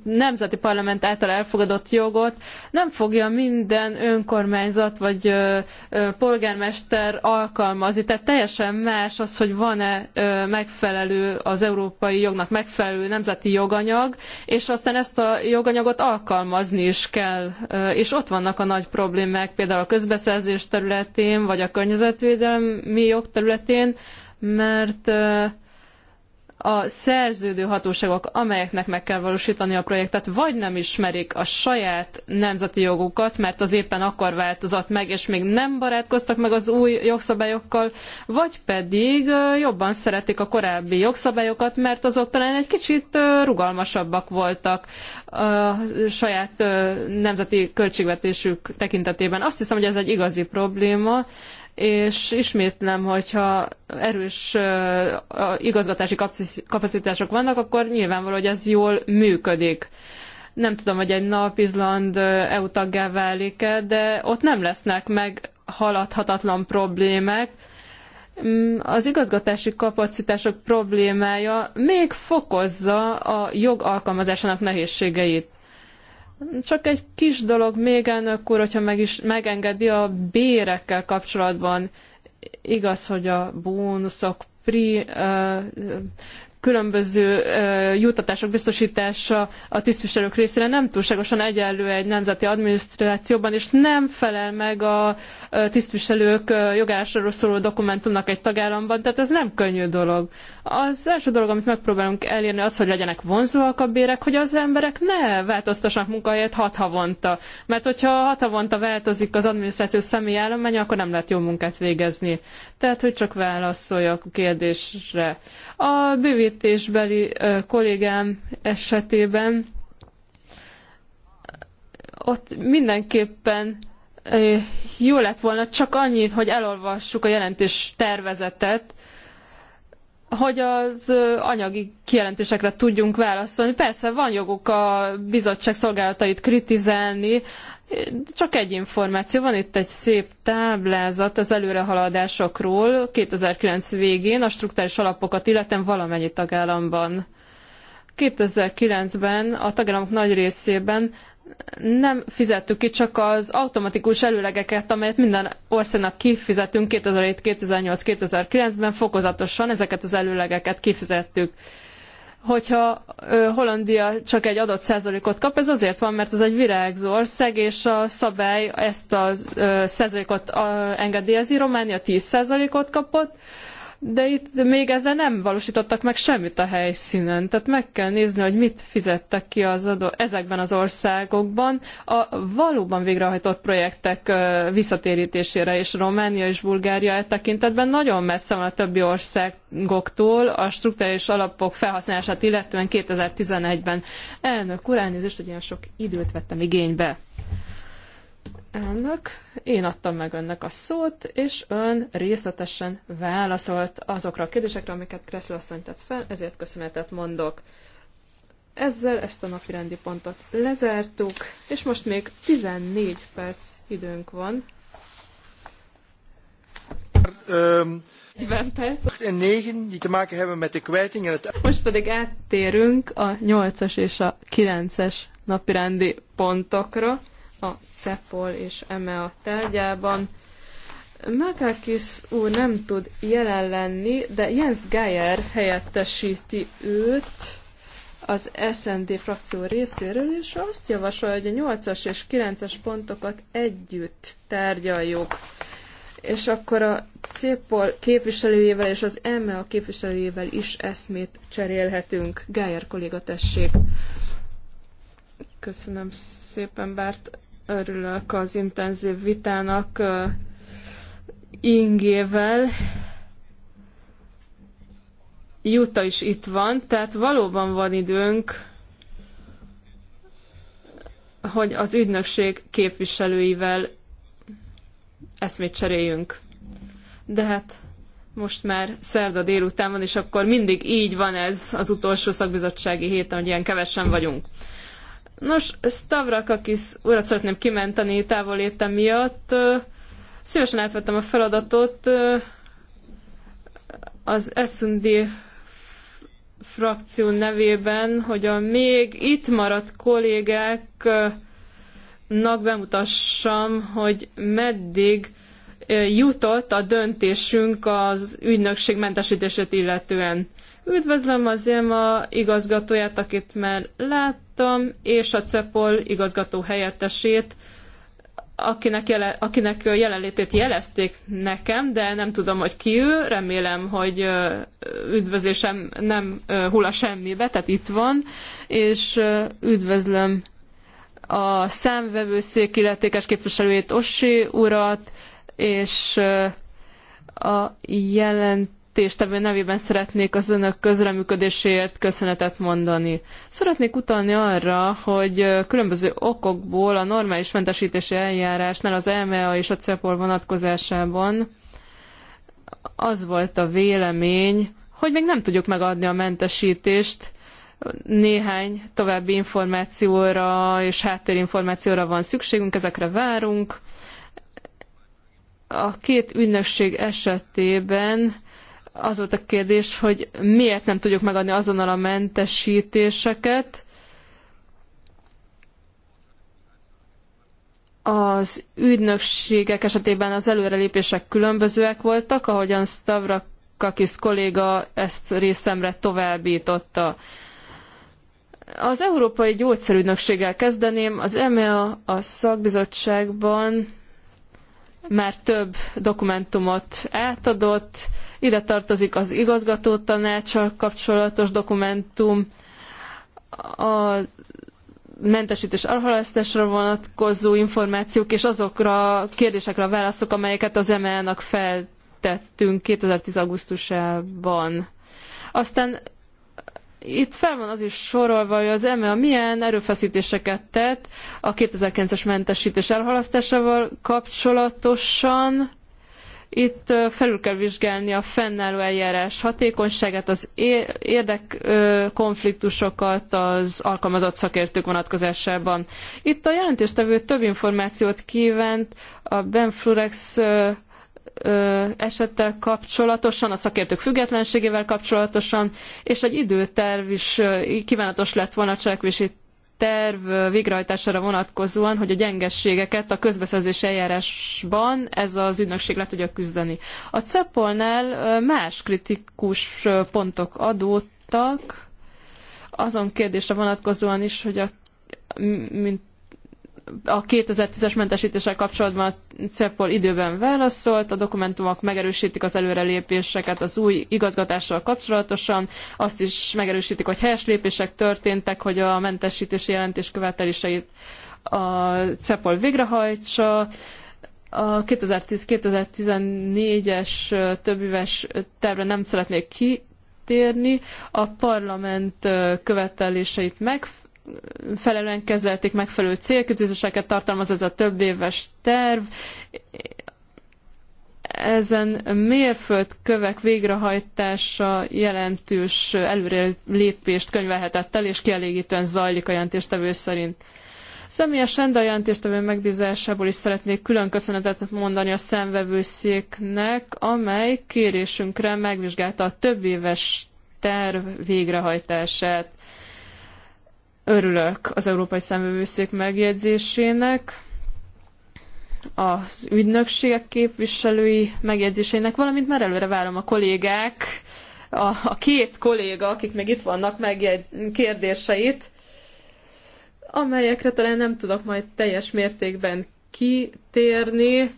C: nemzeti parlament által elfogadott jogot nem fogja minden önkormányzat vagy ö, ö, polgármester alkalmazni. Tehát teljesen más az, hogy van-e megfelelő az európai jognak megfelelő nemzeti joganyag, és aztán ezt a joganyagot alkalmazni is kell. Ö, és ott vannak a nagy problémák, például a közbeszerzés területén, vagy a környezetvédelmi jog területén, mert a szerződő hatóságok, amelyeknek meg kell valósítani a projektet, vagy nem ismerik a saját nemzeti jogukat, mert az éppen akkor változott meg, és még nem barátkoztak meg az új jogszabályokkal, vagy pedig jobban szeretik a korábbi jogszabályokat, mert azok talán egy kicsit rugalmasabbak voltak a saját nemzeti költségvetésük tekintetében. Azt hiszem, hogy ez egy igazi probléma, és ismétlem, hogyha erős igazgatási kapacitások vannak, akkor nyilvánvaló, hogy ez jól működik. Nem tudom, hogy egy nap Izland EU taggá válik -e, de ott nem lesznek meg haladhatatlan problémák. Mm, az igazgatási kapacitások problémája még fokozza a jog alkalmazásának nehézségeit. Csak egy kis dolog még, elnök úr, hogyha meg is megengedi a bérekkel kapcsolatban. Igaz, hogy a bónuszok pri, uh, különböző juttatások biztosítása a tisztviselők részére nem túlságosan egyenlő egy nemzeti adminisztrációban, és nem felel meg a tisztviselők jogállásról szóló dokumentumnak egy tagállamban, tehát ez nem könnyű dolog. Az első dolog, amit megpróbálunk elérni, az, hogy legyenek vonzóak a bérek, hogy az emberek ne változtassanak munkahelyet hat havonta. Mert hogyha hat havonta változik az adminisztráció állománya, akkor nem lehet jó munkát végezni tehát hogy csak válaszoljak a kérdésre. A bővítésbeli kollégám esetében ott mindenképpen jó lett volna csak annyit, hogy elolvassuk a jelentés tervezetet, hogy az anyagi kijelentésekre tudjunk válaszolni. Persze van joguk a bizottság szolgálatait kritizálni, csak egy információ, van itt egy szép táblázat az előrehaladásokról 2009 végén a struktúrális alapokat illetően valamennyi tagállamban. 2009-ben a tagállamok nagy részében nem fizettük ki csak az automatikus előlegeket, amelyet minden országnak kifizetünk 2007, 2008, 2009-ben fokozatosan ezeket az előlegeket kifizettük hogyha Hollandia csak egy adott százalékot kap, ez azért van, mert ez egy virágzó ország, és a szabály ezt a százalékot engedélyezi. Románia 10 százalékot kapott, de itt még ezzel nem valósítottak meg semmit a helyszínen. Tehát meg kell nézni, hogy mit fizettek ki az adó, ezekben az országokban a valóban végrehajtott projektek visszatérítésére, és Románia és Bulgária e tekintetben nagyon messze van a többi országoktól a strukturális alapok felhasználását, illetően 2011-ben. Elnök úr, elnézést, hogy ilyen sok időt vettem igénybe. Elnök, én adtam meg önnek a szót, és ön részletesen válaszolt azokra a kérdésekre, amiket Kressler asszony tett fel, ezért köszönetet mondok. Ezzel ezt a napi rendi pontot lezártuk, és most még 14 perc időnk van. 40 ehm, perc. Most pedig áttérünk a 8-as és a 9-es napirendi pontokra a CEPOL és a tárgyában. Matakis úr nem tud jelen lenni, de Jens Geyer helyettesíti őt az SND frakció részéről, és azt javasolja, hogy a 8-as és 9-es pontokat együtt tárgyaljuk. És akkor a CEPOL képviselőjével és az EMEA képviselőjével is eszmét cserélhetünk. Gájer kolléga, tessék! Köszönöm szépen, Bárt Örülök az intenzív vitának ingével. Juta is itt van, tehát valóban van időnk, hogy az ügynökség képviselőivel eszmét cseréljünk. De hát most már szerda délután van, és akkor mindig így van ez az utolsó szakbizottsági héten, hogy ilyen kevesen vagyunk. Nos, Stavrakakis urat szeretném kimenteni távolétem miatt. Szívesen átvettem a feladatot az S&D frakció nevében, hogy a még itt maradt kollégáknak bemutassam, hogy meddig jutott a döntésünk az ügynökség mentesítését illetően. Üdvözlöm az EMA igazgatóját, akit már láttam, és a CEPOL igazgató helyettesét, akinek, jele, akinek jelenlétét jelezték nekem, de nem tudom, hogy ki ő. Remélem, hogy üdvözlésem nem hula semmibe, tehát itt van, és üdvözlöm a számvevőszék illetékes képviselőjét Ossi urat, és a jelent jelentéstevő nevében szeretnék az önök közreműködéséért köszönetet mondani. Szeretnék utalni arra, hogy különböző okokból a normális mentesítési eljárásnál az EMEA és a CEPOL vonatkozásában az volt a vélemény, hogy még nem tudjuk megadni a mentesítést, néhány további információra és háttérinformációra van szükségünk, ezekre várunk. A két ügynökség esetében az volt a kérdés, hogy miért nem tudjuk megadni azonnal a mentesítéseket, az ügynökségek esetében az előrelépések különbözőek voltak, ahogyan Stavrakakis kolléga ezt részemre továbbította. Az Európai Gyógyszerügynökséggel kezdeném. Az EMEA a szakbizottságban már több dokumentumot átadott. Ide tartozik az igazgató tanácsal kapcsolatos dokumentum, a mentesítés elhalasztásra vonatkozó információk, és azokra a kérdésekre a válaszok, amelyeket az ML-nak feltettünk 2010. augusztusában. Aztán itt fel van az is sorolva, hogy az EMEA milyen erőfeszítéseket tett a 2009-es mentesítés elhalasztásával kapcsolatosan. Itt felül kell vizsgálni a fennálló eljárás hatékonyságát, az érdekkonfliktusokat az alkalmazott szakértők vonatkozásában. Itt a jelentéstevő több információt kívánt a Benflurex esettel kapcsolatosan, a szakértők függetlenségével kapcsolatosan, és egy időterv is kívánatos lett volna a cselekvési terv végrehajtására vonatkozóan, hogy a gyengességeket a közbeszerzési eljárásban ez az ügynökség le tudja küzdeni. A CEPOL-nál más kritikus pontok adódtak, azon kérdésre vonatkozóan is, hogy a, mint a 2010-es mentesítéssel kapcsolatban a CEPOL időben válaszolt, a dokumentumok megerősítik az előrelépéseket az új igazgatással kapcsolatosan, azt is megerősítik, hogy helyes lépések történtek, hogy a mentesítési jelentés követeléseit a CEPOL végrehajtsa, a 2010-2014-es többéves tervre nem szeretnék kitérni, a parlament követeléseit meg megfelelően kezelték, megfelelő célkitűzéseket tartalmaz ez a több éves terv. Ezen mérföldkövek végrehajtása jelentős előrelépést könyvelhetett el, és kielégítően zajlik a jelentéstevő szerint. Személyesen, de a jelentéstevő megbízásából is szeretnék külön köszönetet mondani a szemvevőszéknek, amely kérésünkre megvizsgálta a több éves terv végrehajtását. Örülök az Európai Számvevőszék megjegyzésének, az ügynökségek képviselői megjegyzésének, valamint már előre várom a kollégák, a, a két kolléga, akik még itt vannak, megjegy, kérdéseit, amelyekre talán nem tudok majd teljes mértékben kitérni,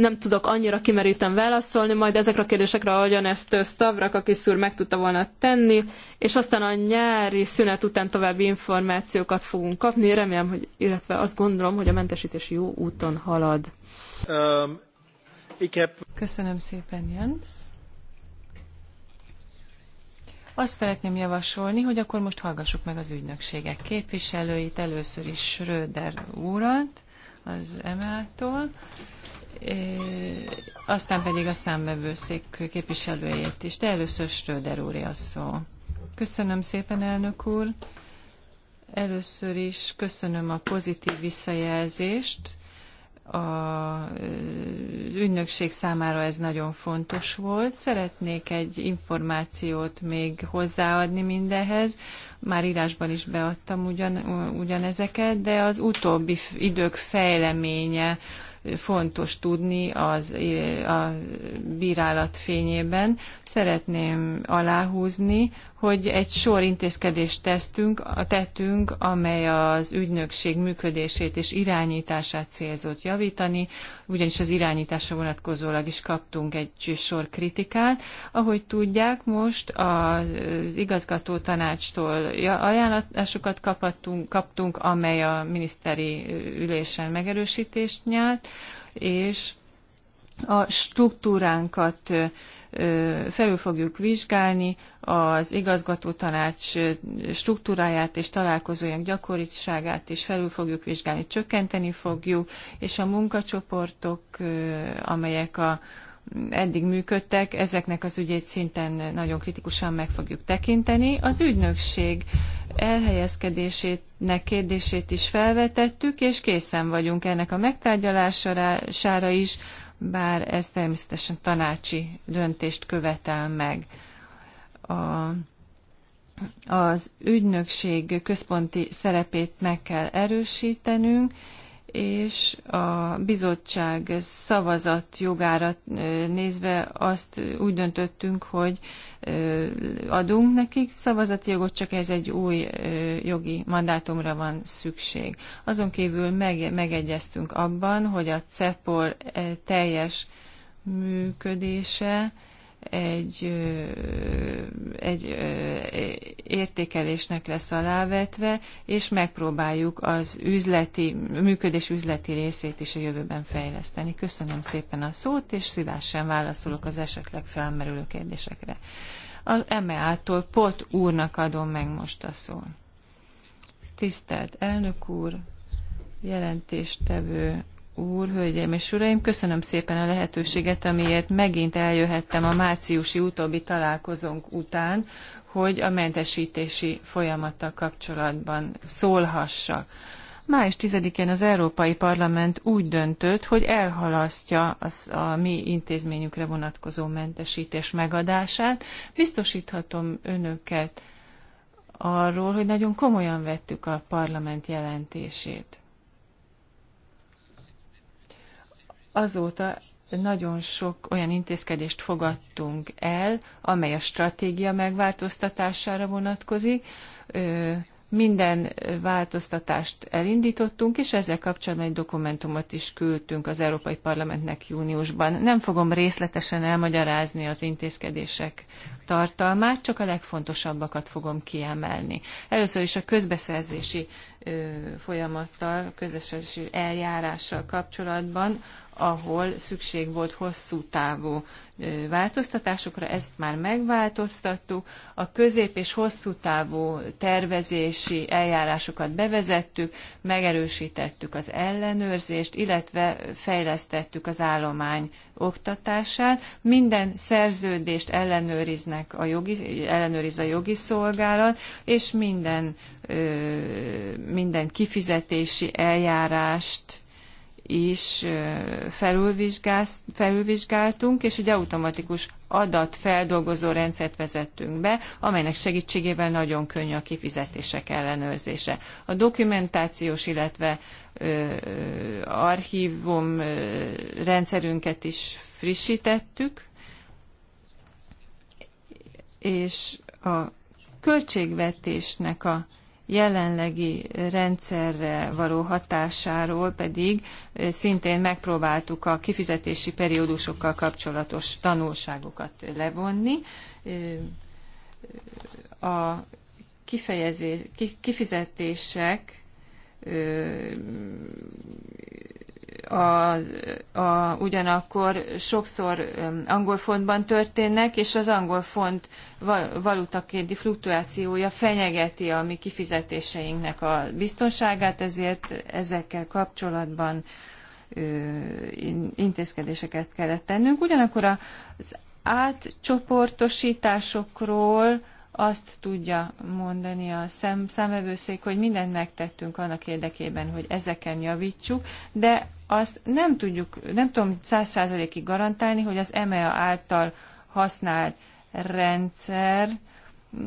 C: nem tudok annyira kimeríten válaszolni, majd ezekre a kérdésekre ahogyan ezt Stavrak, aki szúr meg tudta volna tenni, és aztán a nyári szünet után további információkat fogunk kapni. Remélem, hogy, illetve azt gondolom, hogy a mentesítés jó úton halad.
B: Um, heb... Köszönöm szépen, Jens. Azt szeretném javasolni, hogy akkor most hallgassuk meg az ügynökségek képviselőit, először is Schröder úrat az EMA-tól, aztán pedig a számvevőszék képviselőjét is. De először Ströder úr a szó. Köszönöm szépen, elnök úr. Először is köszönöm a pozitív visszajelzést. A ügynökség számára ez nagyon fontos volt. Szeretnék egy információt még hozzáadni mindehhez. Már írásban is beadtam ugyan, ugyanezeket, de az utóbbi idők fejleménye, fontos tudni az, eh, a bírálat fényében. Szeretném aláhúzni, hogy egy sor intézkedést tesztünk, tettünk, amely az ügynökség működését és irányítását célzott javítani, ugyanis az irányításra vonatkozólag is kaptunk egy sor kritikát. Ahogy tudják, most az igazgató tanácstól ajánlásokat kaptunk, kaptunk amely a miniszteri ülésen megerősítést nyert, és a struktúránkat felül fogjuk vizsgálni az igazgató tanács struktúráját és találkozójánk gyakoriságát is felül fogjuk vizsgálni, csökkenteni fogjuk, és a munkacsoportok, amelyek a eddig működtek, ezeknek az ügyét szinten nagyon kritikusan meg fogjuk tekinteni. Az ügynökség elhelyezkedésének kérdését is felvetettük, és készen vagyunk ennek a megtárgyalására is, bár ez természetesen tanácsi döntést követel meg. A, az ügynökség központi szerepét meg kell erősítenünk, és a bizottság szavazat jogára nézve azt úgy döntöttünk, hogy adunk nekik szavazati jogot, csak ez egy új jogi mandátumra van szükség. Azon kívül meg, megegyeztünk abban, hogy a CEPOL teljes működése egy, egy értékelésnek lesz alávetve, és megpróbáljuk az üzleti, működés üzleti részét is a jövőben fejleszteni. Köszönöm szépen a szót, és szívesen válaszolok az esetleg felmerülő kérdésekre. Az MEA-tól Pot úrnak adom meg most a szót. Tisztelt elnök úr, jelentéstevő úr, hölgyeim és uraim, köszönöm szépen a lehetőséget, amiért megint eljöhettem a márciusi utóbbi találkozónk után, hogy a mentesítési folyamattal kapcsolatban szólhassak. Május 10-én az Európai Parlament úgy döntött, hogy elhalasztja az a mi intézményükre vonatkozó mentesítés megadását. Biztosíthatom önöket arról, hogy nagyon komolyan vettük a parlament jelentését Azóta nagyon sok olyan intézkedést fogadtunk el, amely a stratégia megváltoztatására vonatkozik. Minden változtatást elindítottunk, és ezzel kapcsolatban egy dokumentumot is küldtünk az Európai Parlamentnek júniusban. Nem fogom részletesen elmagyarázni az intézkedések tartalmát, csak a legfontosabbakat fogom kiemelni. Először is a közbeszerzési folyamattal, közbeszerzési eljárással kapcsolatban ahol szükség volt hosszú távú változtatásokra, ezt már megváltoztattuk, a közép és hosszú távú tervezési eljárásokat bevezettük, megerősítettük az ellenőrzést, illetve fejlesztettük az állomány oktatását. Minden szerződést ellenőriznek a jogi, ellenőriz a jogi szolgálat, és minden, minden kifizetési eljárást is felülvizsgáltunk, és egy automatikus adatfeldolgozó rendszert vezettünk be, amelynek segítségével nagyon könnyű a kifizetések ellenőrzése. A dokumentációs, illetve archívum rendszerünket is frissítettük, és a költségvetésnek a jelenlegi rendszerre való hatásáról pedig szintén megpróbáltuk a kifizetési periódusokkal kapcsolatos tanulságokat levonni. A kifejezés, kifizetések a, a, ugyanakkor sokszor um, angol fontban történnek, és az angol font valutakénti fluktuációja fenyegeti a mi kifizetéseinknek a biztonságát, ezért ezekkel kapcsolatban intézkedéseket kellett tennünk. Ugyanakkor az átcsoportosításokról azt tudja mondani a szem, számvevőszék, hogy mindent megtettünk annak érdekében, hogy ezeken javítsuk, de azt nem tudjuk, nem tudom száz százalékig garantálni, hogy az EMEA által használt rendszer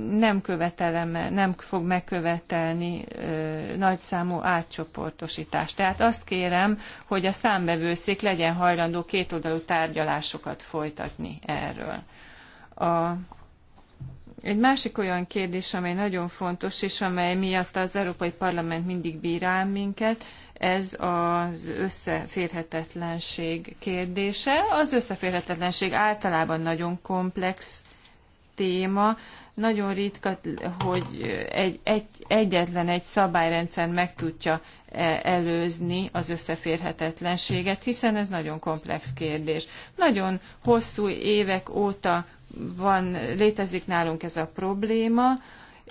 B: nem, követeleme, nem fog megkövetelni ö, nagyszámú átcsoportosítást. Tehát azt kérem, hogy a számbevőszék legyen hajlandó kétoldalú tárgyalásokat folytatni erről. A egy másik olyan kérdés, amely nagyon fontos, és amely miatt az Európai Parlament mindig bírál minket, ez az összeférhetetlenség kérdése. Az összeférhetetlenség általában nagyon komplex téma. Nagyon ritka, hogy egy, egy, egyetlen egy szabályrendszer meg tudja e, előzni az összeférhetetlenséget, hiszen ez nagyon komplex kérdés. Nagyon hosszú évek óta van, létezik nálunk ez a probléma,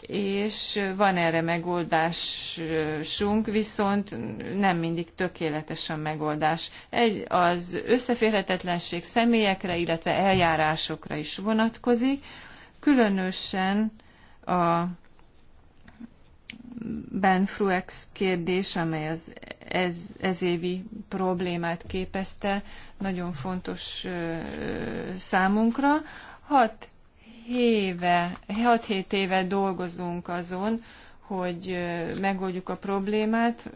B: és van erre megoldásunk, viszont nem mindig tökéletes a megoldás. Egy az összeférhetetlenség személyekre, illetve eljárásokra is vonatkozik, különösen a Benfruex kérdés, amely az ez, ez évi problémát képezte, nagyon fontos ö, számunkra. Hat éve, hat-hét éve dolgozunk azon, hogy megoldjuk a problémát,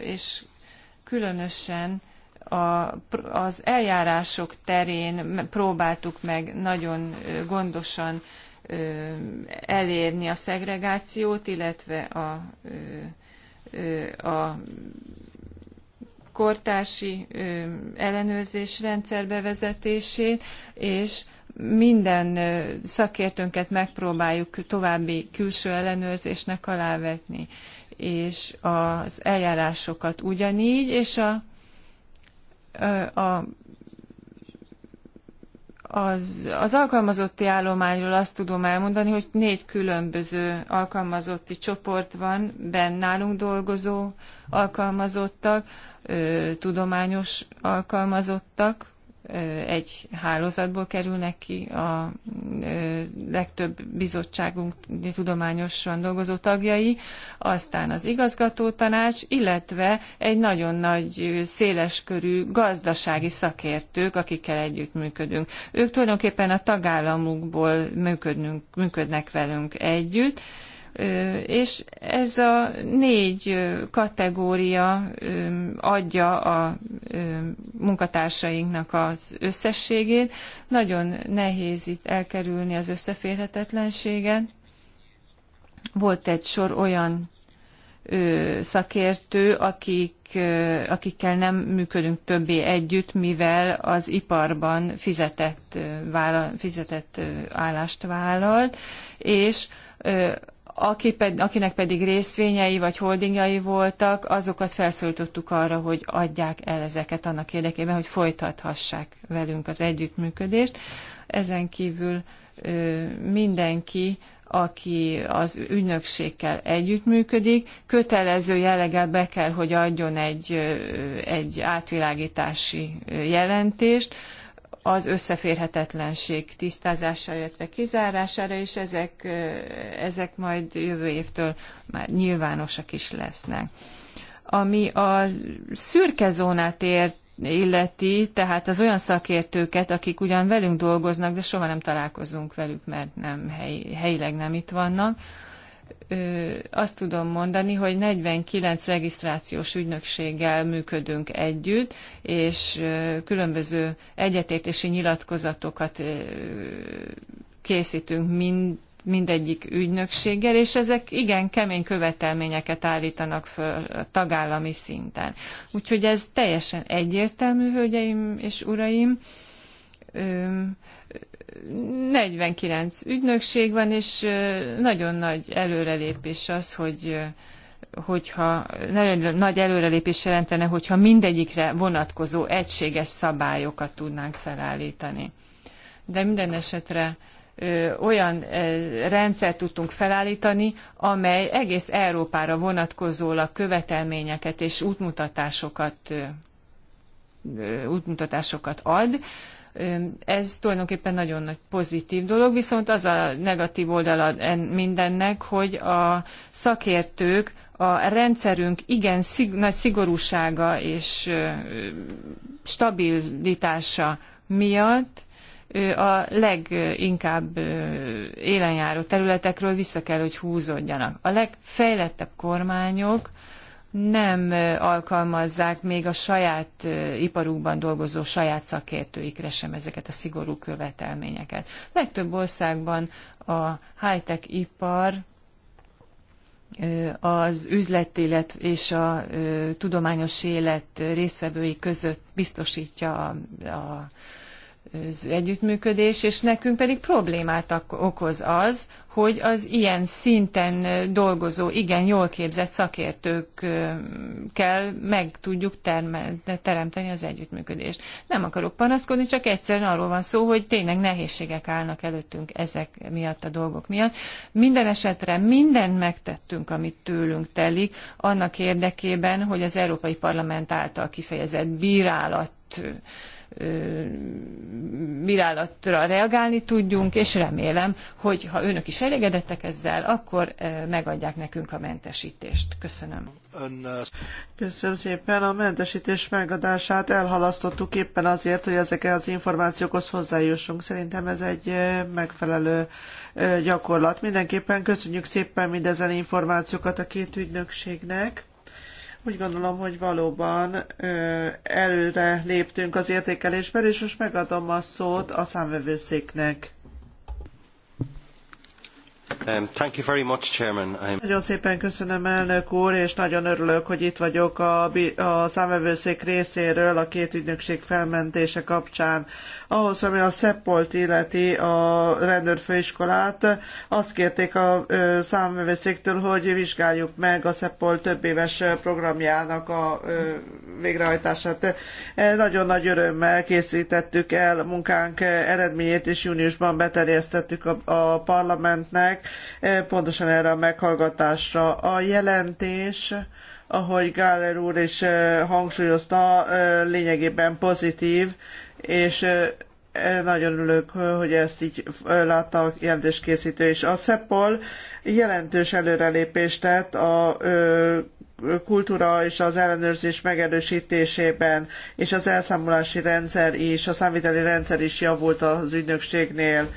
B: és különösen a, az eljárások terén próbáltuk meg nagyon gondosan elérni a szegregációt, illetve a, a kortási ellenőrzés rendszer bevezetését, és minden szakértőnket megpróbáljuk további külső ellenőrzésnek alávetni, és az eljárásokat ugyanígy, és a, a az, az alkalmazotti állományról azt tudom elmondani, hogy négy különböző alkalmazotti csoport van, benn nálunk dolgozó alkalmazottak, tudományos alkalmazottak, egy hálózatból kerülnek ki a legtöbb bizottságunk tudományosan dolgozó tagjai, aztán az igazgató tanács, illetve egy nagyon nagy széleskörű gazdasági szakértők, akikkel együtt működünk. Ők tulajdonképpen a tagállamukból működnünk, működnek velünk együtt, és ez a négy kategória adja a munkatársainknak az összességét. Nagyon nehéz itt elkerülni az összeférhetetlenséget. Volt egy sor olyan szakértő, akik, akikkel nem működünk többé együtt, mivel az iparban fizetett, vála fizetett állást vállalt, és aki ped, akinek pedig részvényei vagy holdingjai voltak, azokat felszólítottuk arra, hogy adják el ezeket annak érdekében, hogy folytathassák velünk az együttműködést. Ezen kívül ö, mindenki, aki az ügynökségkel együttműködik, kötelező jelleggel be kell, hogy adjon egy, egy átvilágítási jelentést, az összeférhetetlenség tisztázása, illetve kizárására, és ezek, ezek majd jövő évtől már nyilvánosak is lesznek. Ami a szürke zónát ért, illeti, tehát az olyan szakértőket, akik ugyan velünk dolgoznak, de soha nem találkozunk velük, mert nem hely, helyileg nem itt vannak, azt tudom mondani, hogy 49 regisztrációs ügynökséggel működünk együtt, és különböző egyetértési nyilatkozatokat készítünk mind, mindegyik ügynökséggel, és ezek igen kemény követelményeket állítanak föl a tagállami szinten. Úgyhogy ez teljesen egyértelmű, hölgyeim és uraim 49 ügynökség van, és nagyon nagy előrelépés az, hogy hogyha nagyon nagy előrelépés jelentene, hogyha mindegyikre vonatkozó egységes szabályokat tudnánk felállítani. De minden esetre olyan rendszert tudtunk felállítani, amely egész Európára vonatkozólag követelményeket és útmutatásokat, útmutatásokat ad, ez tulajdonképpen nagyon nagy pozitív dolog, viszont az a negatív oldala mindennek, hogy a szakértők a rendszerünk igen szig, nagy szigorúsága és stabilitása miatt a leginkább élenjáró területekről vissza kell, hogy húzódjanak. A legfejlettebb kormányok nem alkalmazzák még a saját iparukban dolgozó saját szakértőikre sem ezeket a szigorú követelményeket. Legtöbb országban a high-tech ipar az üzleti élet és a tudományos élet résztvevői között biztosítja a, a az együttműködés, és nekünk pedig problémát okoz az, hogy az ilyen szinten dolgozó, igen jól képzett szakértőkkel meg tudjuk teremteni az együttműködést. Nem akarok panaszkodni, csak egyszerűen arról van szó, hogy tényleg nehézségek állnak előttünk ezek miatt a dolgok miatt. Minden esetre mindent megtettünk, amit tőlünk telik, annak érdekében, hogy az Európai Parlament által kifejezett bírálat bírálatra reagálni tudjunk, és remélem, hogy ha önök is elégedettek ezzel, akkor
A: megadják nekünk a mentesítést. Köszönöm. Köszönöm szépen. A mentesítés megadását elhalasztottuk éppen azért, hogy ezekhez az információkhoz hozzájussunk. Szerintem ez egy megfelelő gyakorlat. Mindenképpen köszönjük szépen mindezen információkat a két ügynökségnek úgy gondolom, hogy valóban előre léptünk az értékelésben, és most megadom a szót a számvevőszéknek. Um, nagyon szépen köszönöm, elnök úr, és nagyon örülök, hogy itt vagyok a, a számvevőszék részéről a két ügynökség felmentése kapcsán. Ahhoz, ami a Szeppolt illeti a rendőrfőiskolát, azt kérték a számvevőszéktől, hogy vizsgáljuk meg a szeppolt több éves programjának a végrehajtását. E, nagyon nagy örömmel készítettük el munkánk eredményét, és júniusban beterjesztettük a, a parlamentnek, Eh, pontosan erre a meghallgatásra. A jelentés ahogy Gáler úr is eh, hangsúlyozta, eh, lényegében pozitív, és nagyon örülök, hogy ezt így látta a jelentéskészítő is. A SZEPOL jelentős előrelépést tett a kultúra és az ellenőrzés megerősítésében, és az elszámolási rendszer is, a számviteli rendszer is javult az ügynökségnél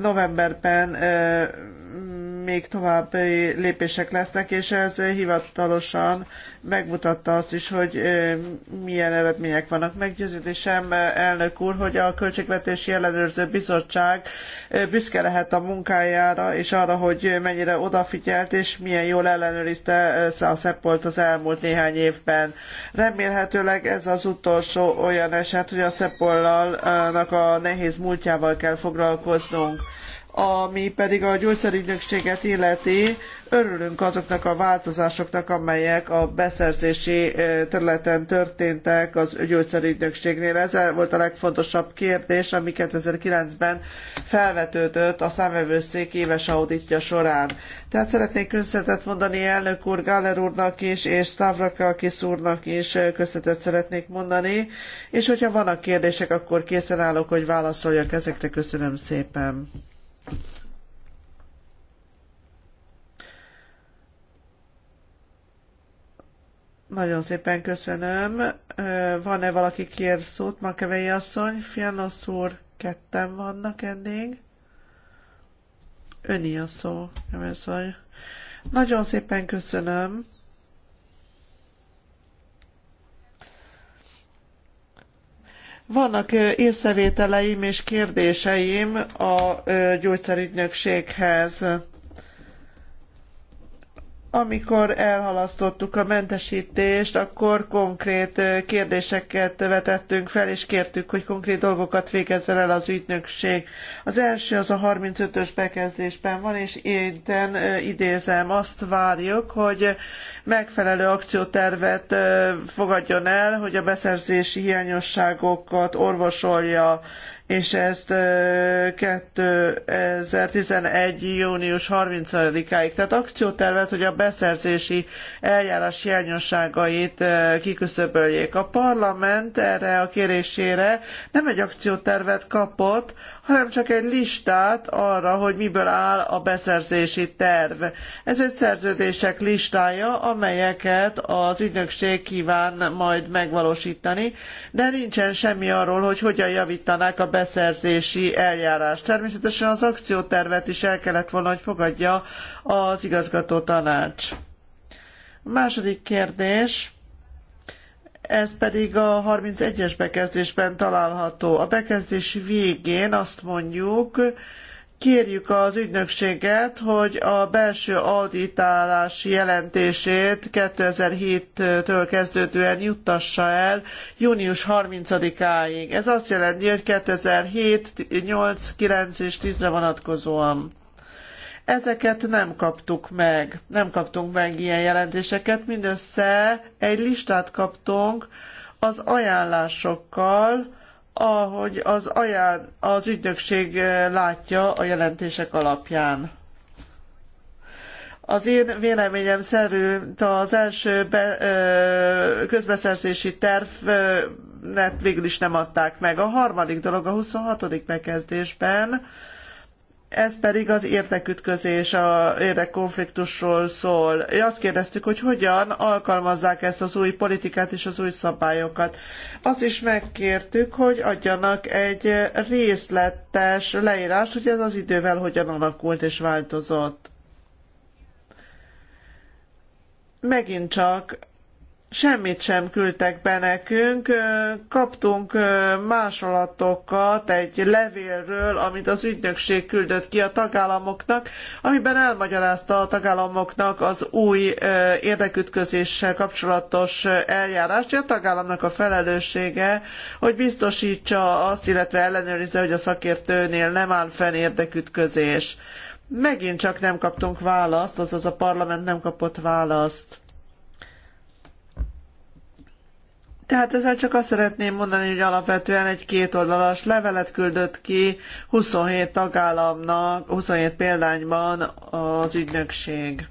A: novemberben még tovább lépések lesznek, és ez hivatalosan megmutatta azt is, hogy milyen eredmények vannak. Meggyőződésem, elnök úr, hogy a Költségvetési Ellenőrző Bizottság büszke lehet a munkájára, és arra, hogy mennyire odafigyelt, és milyen jól ellenőrizte a Szeppolt az elmúlt néhány évben. Remélhetőleg ez az utolsó olyan eset, hogy a Szepollal a nehéz múltjával kell foglalkoznunk ami pedig a gyógyszerügynökséget illeti, örülünk azoknak a változásoknak, amelyek a beszerzési területen történtek az gyógyszerügynökségnél. Ez volt a legfontosabb kérdés, ami 2009-ben felvetődött a számvevőszék éves auditja során. Tehát szeretnék köszönetet mondani elnök úr Galler úrnak is, és Stavrakakis úrnak is köszönetet szeretnék mondani, és hogyha vannak kérdések, akkor készen állok, hogy válaszoljak ezekre. Köszönöm szépen. Nagyon szépen köszönöm. Van-e valaki kér szót, Makevei asszony? Fianosz úr, ketten vannak eddig. Öni a szó, asszony. Nagyon szépen köszönöm. Vannak észrevételeim és kérdéseim a gyógyszerügynökséghez. Amikor elhalasztottuk a mentesítést, akkor konkrét kérdéseket vetettünk fel, és kértük, hogy konkrét dolgokat végezzen el az ügynökség. Az első az a 35-ös bekezdésben van, és én idézem, azt várjuk, hogy megfelelő akciótervet fogadjon el, hogy a beszerzési hiányosságokat orvosolja és ezt 2011. június 30-áig, tehát akciótervet, hogy a beszerzési eljárás hiányosságait kiküszöböljék. A parlament erre a kérésére nem egy akciótervet kapott, hanem csak egy listát arra, hogy miből áll a beszerzési terv. Ez egy szerződések listája, amelyeket az ügynökség kíván majd megvalósítani, de nincsen semmi arról, hogy hogyan javítanák a beszerzési eljárást. Természetesen az akciótervet is el kellett volna, hogy fogadja az igazgató tanács. A második kérdés ez pedig a 31-es bekezdésben található. A bekezdés végén azt mondjuk, kérjük az ügynökséget, hogy a belső auditálási jelentését 2007-től kezdődően juttassa el június 30-áig. Ez azt jelenti, hogy 2007, 8, 9 és 10-re vonatkozóan. Ezeket nem kaptuk meg, nem kaptunk meg ilyen jelentéseket, mindössze egy listát kaptunk az ajánlásokkal, ahogy az, aján, az ügynökség látja a jelentések alapján. Az én véleményem szerint az első be, ö, közbeszerzési tervnet végül is nem adták meg. A harmadik dolog a 26. bekezdésben ez pedig az érdekütközés, a érdekkonfliktusról szól. Azt kérdeztük, hogy hogyan alkalmazzák ezt az új politikát és az új szabályokat. Azt is megkértük, hogy adjanak egy részletes leírást, hogy ez az idővel hogyan alakult és változott. Megint csak semmit sem küldtek be nekünk, kaptunk másolatokat egy levélről, amit az ügynökség küldött ki a tagállamoknak, amiben elmagyarázta a tagállamoknak az új érdekütközéssel kapcsolatos eljárást, a tagállamnak a felelőssége, hogy biztosítsa azt, illetve ellenőrizze, hogy a szakértőnél nem áll fenn érdekütközés. Megint csak nem kaptunk választ, azaz a parlament nem kapott választ. Tehát ezzel csak azt szeretném mondani, hogy alapvetően egy kétoldalas levelet küldött ki 27 tagállamnak, 27 példányban az ügynökség.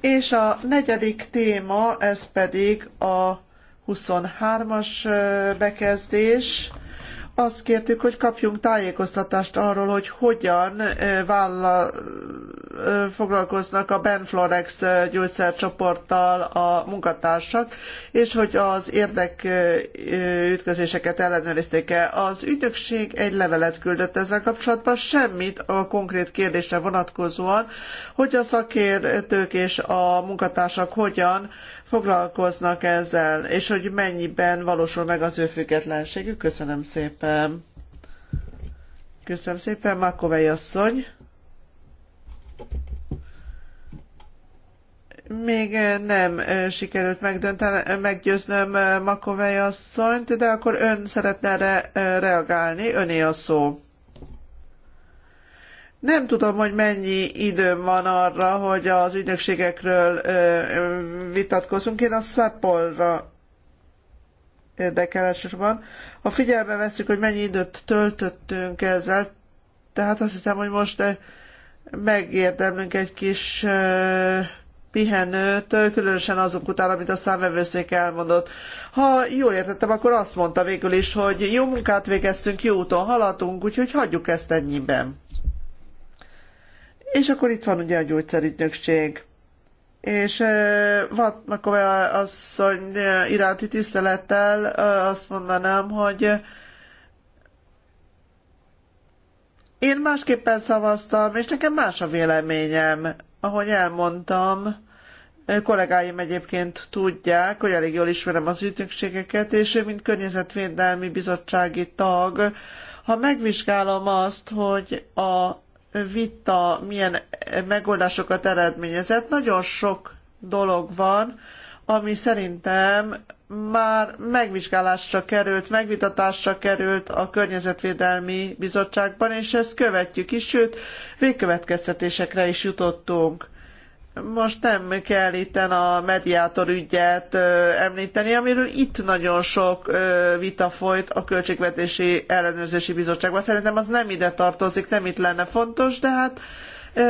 A: És a negyedik téma, ez pedig a 23-as bekezdés. Azt kértük, hogy kapjunk tájékoztatást arról, hogy hogyan vállal foglalkoznak a Benflorex gyógyszercsoporttal a munkatársak, és hogy az érdekütközéseket ellenőrizték-e. Az ügynökség egy levelet küldött ezzel kapcsolatban, semmit a konkrét kérdésre vonatkozóan, hogy a szakértők és a munkatársak hogyan foglalkoznak ezzel, és hogy mennyiben valósul meg az ő függetlenségük. Köszönöm szépen. Köszönöm szépen, Makovei asszony. Még eh, nem eh, sikerült eh, meggyőznöm Makovej asszonyt, de akkor ön szeretne re- reagálni, öné a szó. Nem tudom, hogy mennyi időm van arra, hogy az ügynökségekről vitatkozunk. Én a Szepolra érdekel elsősorban. Ha figyelme veszük, hogy mennyi időt töltöttünk ezzel, tehát azt hiszem, hogy most megérdemlünk egy kis pihenőt, különösen azok után, amit a számvevőszék elmondott. Ha jól értettem, akkor azt mondta végül is, hogy jó munkát végeztünk, jó úton haladunk, úgyhogy hagyjuk ezt ennyiben. És akkor itt van ugye a gyógyszerügynökség. És Vatmakova asszony iránti tisztelettel azt mondanám, hogy én másképpen szavaztam, és nekem más a véleményem. Ahogy elmondtam, Kollégáim egyébként tudják, hogy elég jól ismerem az ügynökségeket, és én, mint környezetvédelmi bizottsági tag, ha megvizsgálom azt, hogy a vita milyen megoldásokat eredményezett, nagyon sok dolog van, ami szerintem már megvizsgálásra került, megvitatásra került a Környezetvédelmi Bizottságban, és ezt követjük is, sőt, végkövetkeztetésekre is jutottunk. Most nem kell itt a mediátor ügyet ö, említeni, amiről itt nagyon sok ö, vita folyt a Költségvetési Ellenőrzési Bizottságban. Szerintem az nem ide tartozik, nem itt lenne fontos, de hát ö,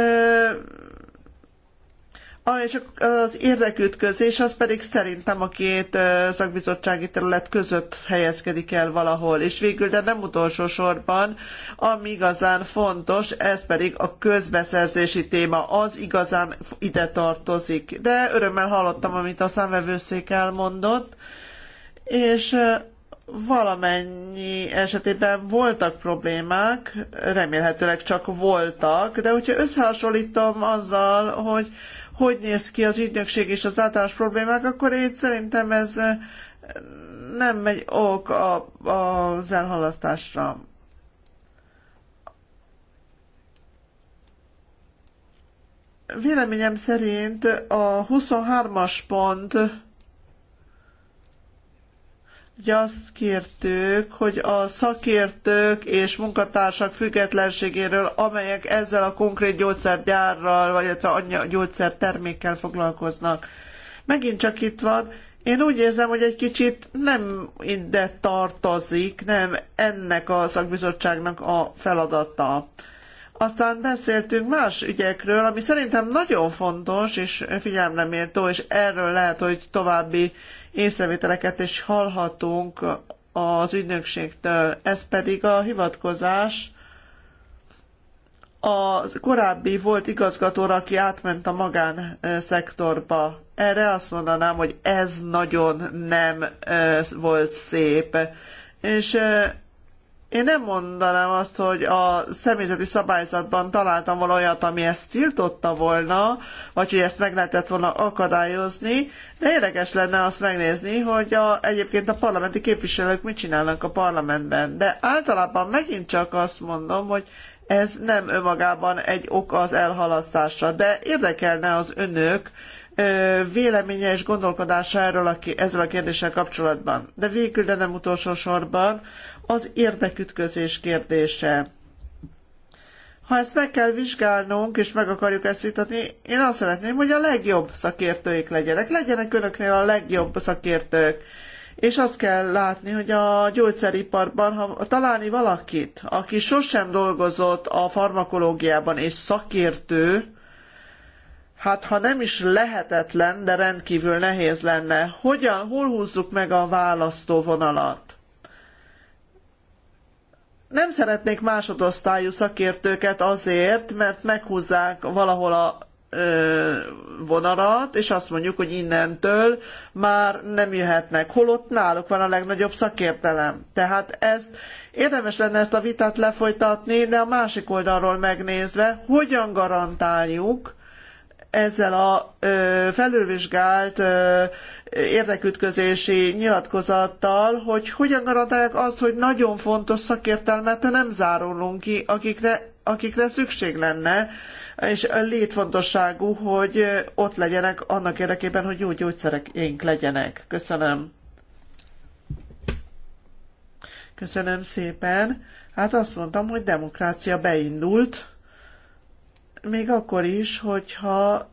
A: és az érdekütközés az pedig szerintem a két szakbizottsági terület között helyezkedik el valahol. És végül, de nem utolsó sorban, ami igazán fontos, ez pedig a közbeszerzési téma. Az igazán ide tartozik. De örömmel hallottam, amit a számvevőszék elmondott, és valamennyi esetében voltak problémák, remélhetőleg csak voltak, de hogyha összehasonlítom azzal, hogy hogy néz ki az ügynökség és az általános problémák, akkor én szerintem ez eh, nem megy ok a, a, az elhalasztásra. Véleményem szerint a 23-as pont hogy azt kértük, hogy a szakértők és munkatársak függetlenségéről, amelyek ezzel a konkrét gyógyszergyárral, vagy illetve a gyógyszertermékkel foglalkoznak. Megint csak itt van, én úgy érzem, hogy egy kicsit nem ide tartozik, nem ennek a szakbizottságnak a feladata. Aztán beszéltünk más ügyekről, ami szerintem nagyon fontos és méltó, és erről lehet, hogy további észrevételeket is hallhatunk az ügynökségtől. Ez pedig a hivatkozás a korábbi volt igazgatóra, aki átment a magánszektorba. Erre azt mondanám, hogy ez nagyon nem volt szép. És én nem mondanám azt, hogy a személyzeti szabályzatban találtam volna olyat, ami ezt tiltotta volna, vagy hogy ezt meg lehetett volna akadályozni, de érdekes lenne azt megnézni, hogy a, egyébként a parlamenti képviselők mit csinálnak a parlamentben. De általában megint csak azt mondom, hogy ez nem önmagában egy ok az elhalasztásra, de érdekelne az önök véleménye és gondolkodása erről a, ezzel a kérdéssel kapcsolatban. De végül, de nem utolsó sorban, az érdekütközés kérdése. Ha ezt meg kell vizsgálnunk, és meg akarjuk ezt vitatni, én azt szeretném, hogy a legjobb szakértőik legyenek. Legyenek önöknél a legjobb szakértők. És azt kell látni, hogy a gyógyszeriparban, ha találni valakit, aki sosem dolgozott a farmakológiában és szakértő, hát ha nem is lehetetlen, de rendkívül nehéz lenne. Hogyan, hol húzzuk meg a választóvonalat? nem szeretnék másodosztályú szakértőket azért, mert meghúzzák valahol a vonalat, és azt mondjuk, hogy innentől már nem jöhetnek, holott náluk van a legnagyobb szakértelem. Tehát ezt érdemes lenne ezt a vitát lefolytatni, de a másik oldalról megnézve, hogyan garantáljuk, ezzel a felülvizsgált érdekütközési nyilatkozattal, hogy hogyan garantálják azt, hogy nagyon fontos szakértelmet nem zárulunk ki, akikre, akikre szükség lenne, és létfontosságú, hogy ott legyenek annak érdekében, hogy jó gyógyszereink legyenek. Köszönöm. Köszönöm szépen. Hát azt mondtam, hogy demokrácia beindult még akkor is, hogyha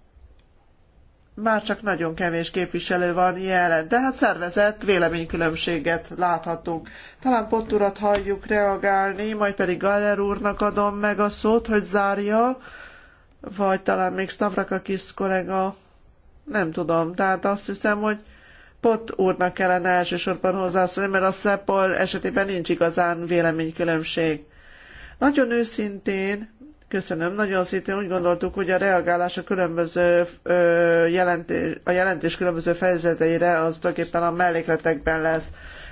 A: már csak nagyon kevés képviselő van jelen, de hát szervezett véleménykülönbséget láthatunk. Talán Potturat urat halljuk reagálni, majd pedig Galler úrnak adom meg a szót, hogy zárja, vagy talán még Stavrakakis kollega, nem tudom, tehát azt hiszem, hogy Pott úrnak kellene elsősorban hozzászólni, mert a Szepol esetében nincs igazán véleménykülönbség. Nagyon őszintén, Köszönöm. Nagyon szintén úgy gondoltuk, hogy a reagálás a különböző jelentés, a jelentés különböző fejezeteire az tulajdonképpen a mellékletekben lesz.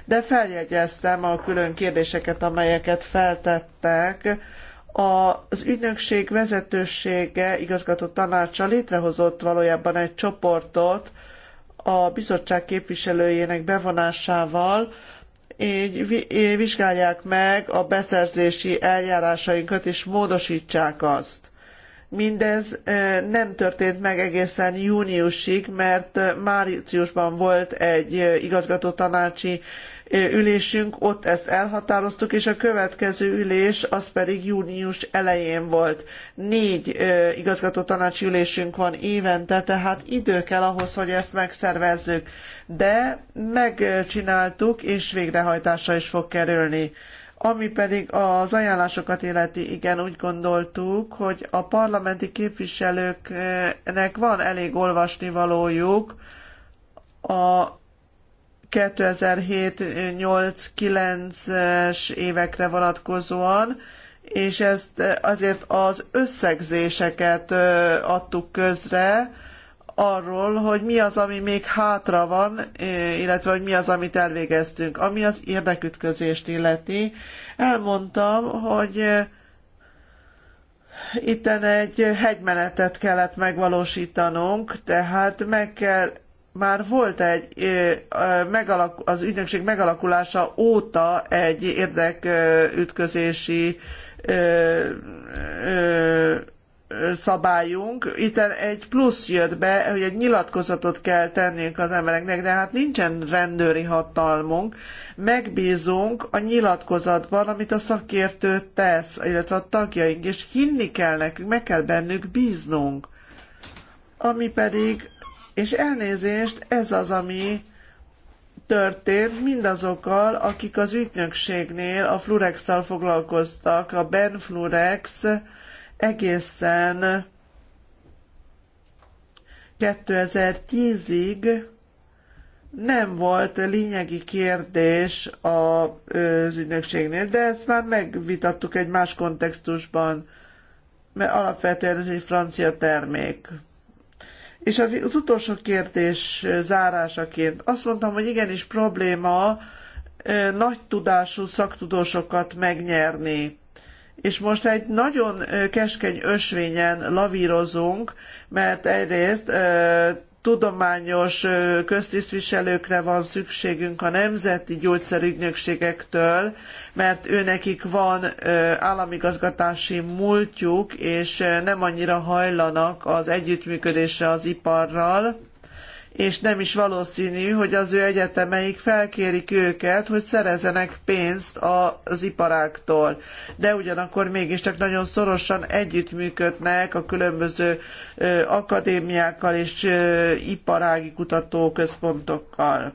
A: De feljegyeztem a külön kérdéseket, amelyeket feltettek. Az ügynökség vezetősége igazgató tanácsa létrehozott valójában egy csoportot a bizottság képviselőjének bevonásával, így eh, vizsgálják meg a beszerzési eljárásainkat, és módosítsák azt. Mindez eh, nem történt meg egészen júniusig, mert eh, márciusban volt egy igazgatótanácsi ülésünk, ott ezt elhatároztuk, és a következő ülés az pedig június elején volt. Négy igazgató tanácsi ülésünk van évente, tehát idő kell ahhoz, hogy ezt megszervezzük. De megcsináltuk, és végrehajtásra is fog kerülni. Ami pedig az ajánlásokat illeti, igen, úgy gondoltuk, hogy a parlamenti képviselőknek van elég olvasnivalójuk a 2007-8-9-es évekre vonatkozóan, és ezt azért az összegzéseket adtuk közre, arról, hogy mi az, ami még hátra van, illetve hogy mi az, amit elvégeztünk. Ami az érdekütközést illeti, elmondtam, hogy itten egy hegymenetet kellett megvalósítanunk, tehát meg kell már volt egy az ügynökség megalakulása óta egy érdekütközési szabályunk. Itt egy plusz jött be, hogy egy nyilatkozatot kell tennünk az embereknek, de hát nincsen rendőri hatalmunk. Megbízunk a nyilatkozatban, amit a szakértő tesz, illetve a tagjaink, és hinni kell nekünk, meg kell bennük bíznunk. Ami pedig és elnézést, ez az, ami történt mindazokkal, akik az ügynökségnél a flurex foglalkoztak, a Flurex egészen 2010-ig nem volt lényegi kérdés az ügynökségnél, de ezt már megvitattuk egy más kontextusban, mert alapvetően ez egy francia termék. És az utolsó kérdés zárásaként. Azt mondtam, hogy igenis probléma nagy tudású szaktudósokat megnyerni. És most egy nagyon keskeny ösvényen lavírozunk, mert egyrészt tudományos köztisztviselőkre van szükségünk a nemzeti gyógyszerügynökségektől, mert őnekik van államigazgatási múltjuk, és nem annyira hajlanak az együttműködésre az iparral és nem is valószínű, hogy az ő egyetemeik felkérik őket, hogy szerezzenek pénzt az iparáktól. De ugyanakkor mégiscsak nagyon szorosan együttműködnek a különböző akadémiákkal és iparági kutatóközpontokkal.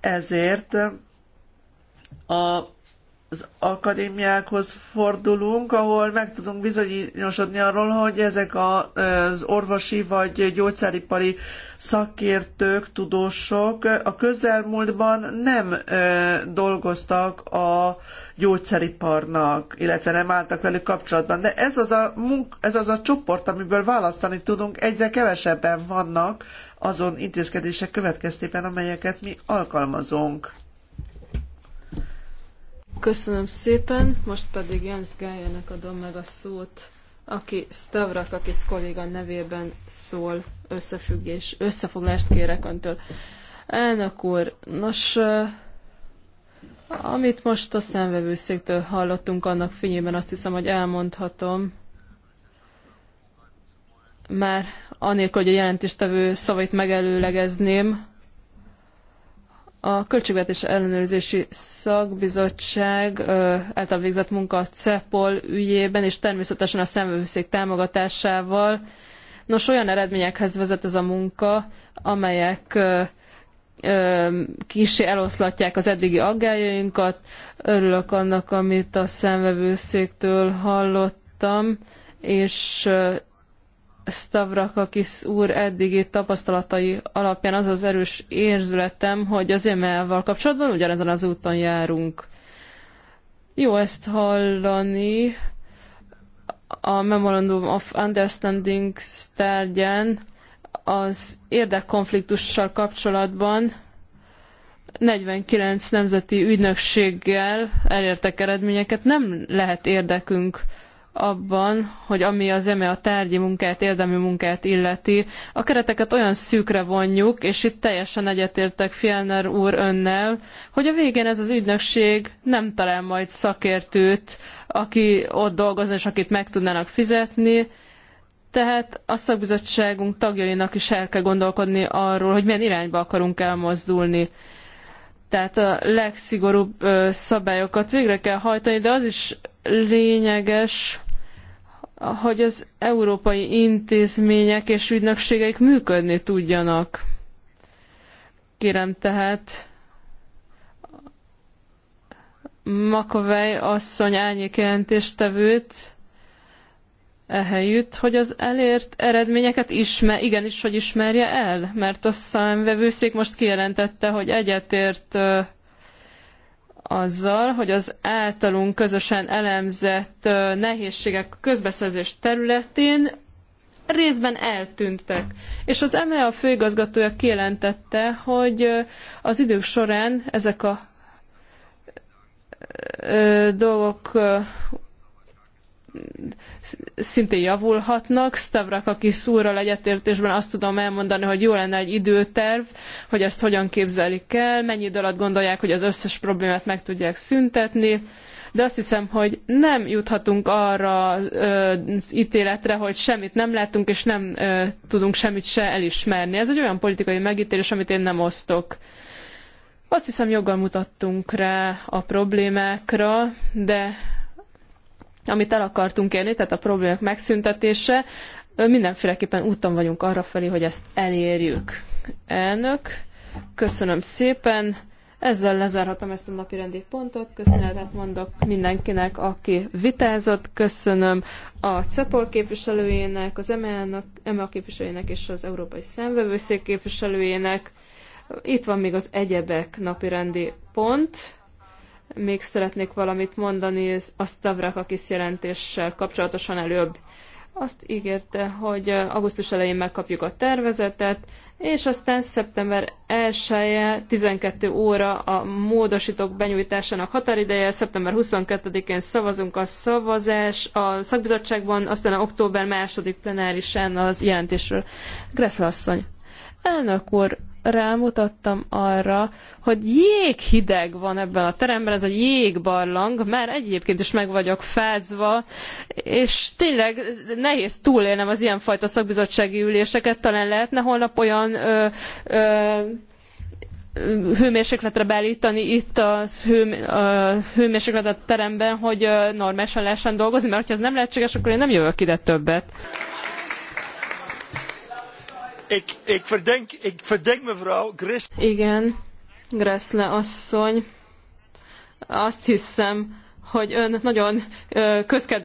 A: Ezért a az akadémiákhoz fordulunk, ahol meg tudunk bizonyosodni arról, hogy ezek az orvosi vagy gyógyszeripari szakértők, tudósok a közelmúltban nem dolgoztak a gyógyszeriparnak, illetve nem álltak velük kapcsolatban. De ez az a, munk, ez az a csoport, amiből választani tudunk, egyre kevesebben vannak azon intézkedések következtében, amelyeket mi alkalmazunk
C: Köszönöm szépen, most pedig Jens Gájának adom meg a szót, aki Stavrakakis kolléga nevében szól, összefüggés, összefoglást kérek öntől. Elnök úr, nos, eh, amit most a szemvevőszéktől hallottunk, annak fényében azt hiszem, hogy elmondhatom, már anélkül, hogy a jelentéstevő szavait megelőlegezném, a Költségvetés Ellenőrzési Szakbizottság által végzett munka a CEPOL ügyében, és természetesen a szemvőszék támogatásával. Nos, olyan eredményekhez vezet ez a munka, amelyek kisé eloszlatják az eddigi aggájainkat. Örülök annak, amit a szemvevőszéktől hallottam, és Stavrakakis úr eddigi tapasztalatai alapján az az erős érzületem, hogy az EMEA-val kapcsolatban ugyanezen az úton járunk. Jó ezt hallani a Memorandum of Understanding tárgyán az érdekkonfliktussal kapcsolatban 49 nemzeti ügynökséggel elértek eredményeket, nem lehet érdekünk abban, hogy ami az eme a tárgyi munkát, érdemi munkát illeti, a kereteket olyan szűkre vonjuk, és itt teljesen egyetértek Fjellner úr önnel, hogy a végén ez az ügynökség nem talál majd szakértőt, aki ott dolgozna, és akit meg tudnának fizetni, tehát a szakbizottságunk tagjainak is el kell gondolkodni arról, hogy milyen irányba akarunk elmozdulni tehát a legszigorúbb szabályokat végre kell hajtani, de az is lényeges, hogy az európai intézmények és ügynökségeik működni tudjanak. Kérem tehát Makovej asszony árnyék jelentéstevőt ehelyütt, hogy az elért eredményeket ismer, igenis, hogy ismerje el, mert a számvevőszék most kijelentette, hogy egyetért azzal, hogy az általunk közösen elemzett nehézségek közbeszerzés területén részben eltűntek. És az EMEA főigazgatója kijelentette, hogy az idők során ezek a dolgok szintén javulhatnak. Stavrakakis úrral egyetértésben azt tudom elmondani, hogy jó lenne egy időterv, hogy ezt hogyan képzelik el, mennyi idő alatt gondolják, hogy az összes problémát meg tudják szüntetni, de azt hiszem, hogy nem juthatunk arra az ítéletre, hogy semmit nem látunk, és nem tudunk semmit se elismerni. Ez egy olyan politikai megítélés, amit én nem osztok. Azt hiszem, joggal mutattunk rá a problémákra, de amit el akartunk érni, tehát a problémák megszüntetése, mindenféleképpen úton vagyunk arra felé, hogy ezt elérjük. Elnök, köszönöm szépen. Ezzel lezárhatom ezt a napi rendi pontot. Köszönetet mondok mindenkinek, aki vitázott. Köszönöm a CEPOL képviselőjének, az EMEA e képviselőjének és az Európai Szemvevőszék képviselőjének. Itt van még az egyebek napirendi pont. Még szeretnék valamit mondani a Stavrakakis jelentéssel kapcsolatosan előbb. Azt ígérte, hogy augusztus elején megkapjuk a tervezetet, és aztán szeptember 1 -e 12 óra a módosítók benyújtásának határideje, szeptember 22-én szavazunk a szavazás a szakbizottságban, aztán a október második plenárisán az jelentésről. Greszle asszony. Elnök úr, rámutattam arra, hogy jéghideg van ebben a teremben, ez a jégbarlang, Mert egyébként is meg vagyok fázva, és tényleg nehéz túlélnem az ilyenfajta szakbizottsági üléseket, talán lehetne holnap olyan ö, ö, hőmérsékletre beállítani itt a, hő, a hőmérsékletet teremben, hogy normálisan lehessen dolgozni, mert ha ez nem lehetséges, akkor én nem jövök ide többet. Ik, ik, verdenk, ik verdenk mevrouw Gris... Igen, Gressle asszony. Azt hiszem, hogy ön nagyon közkedvelő.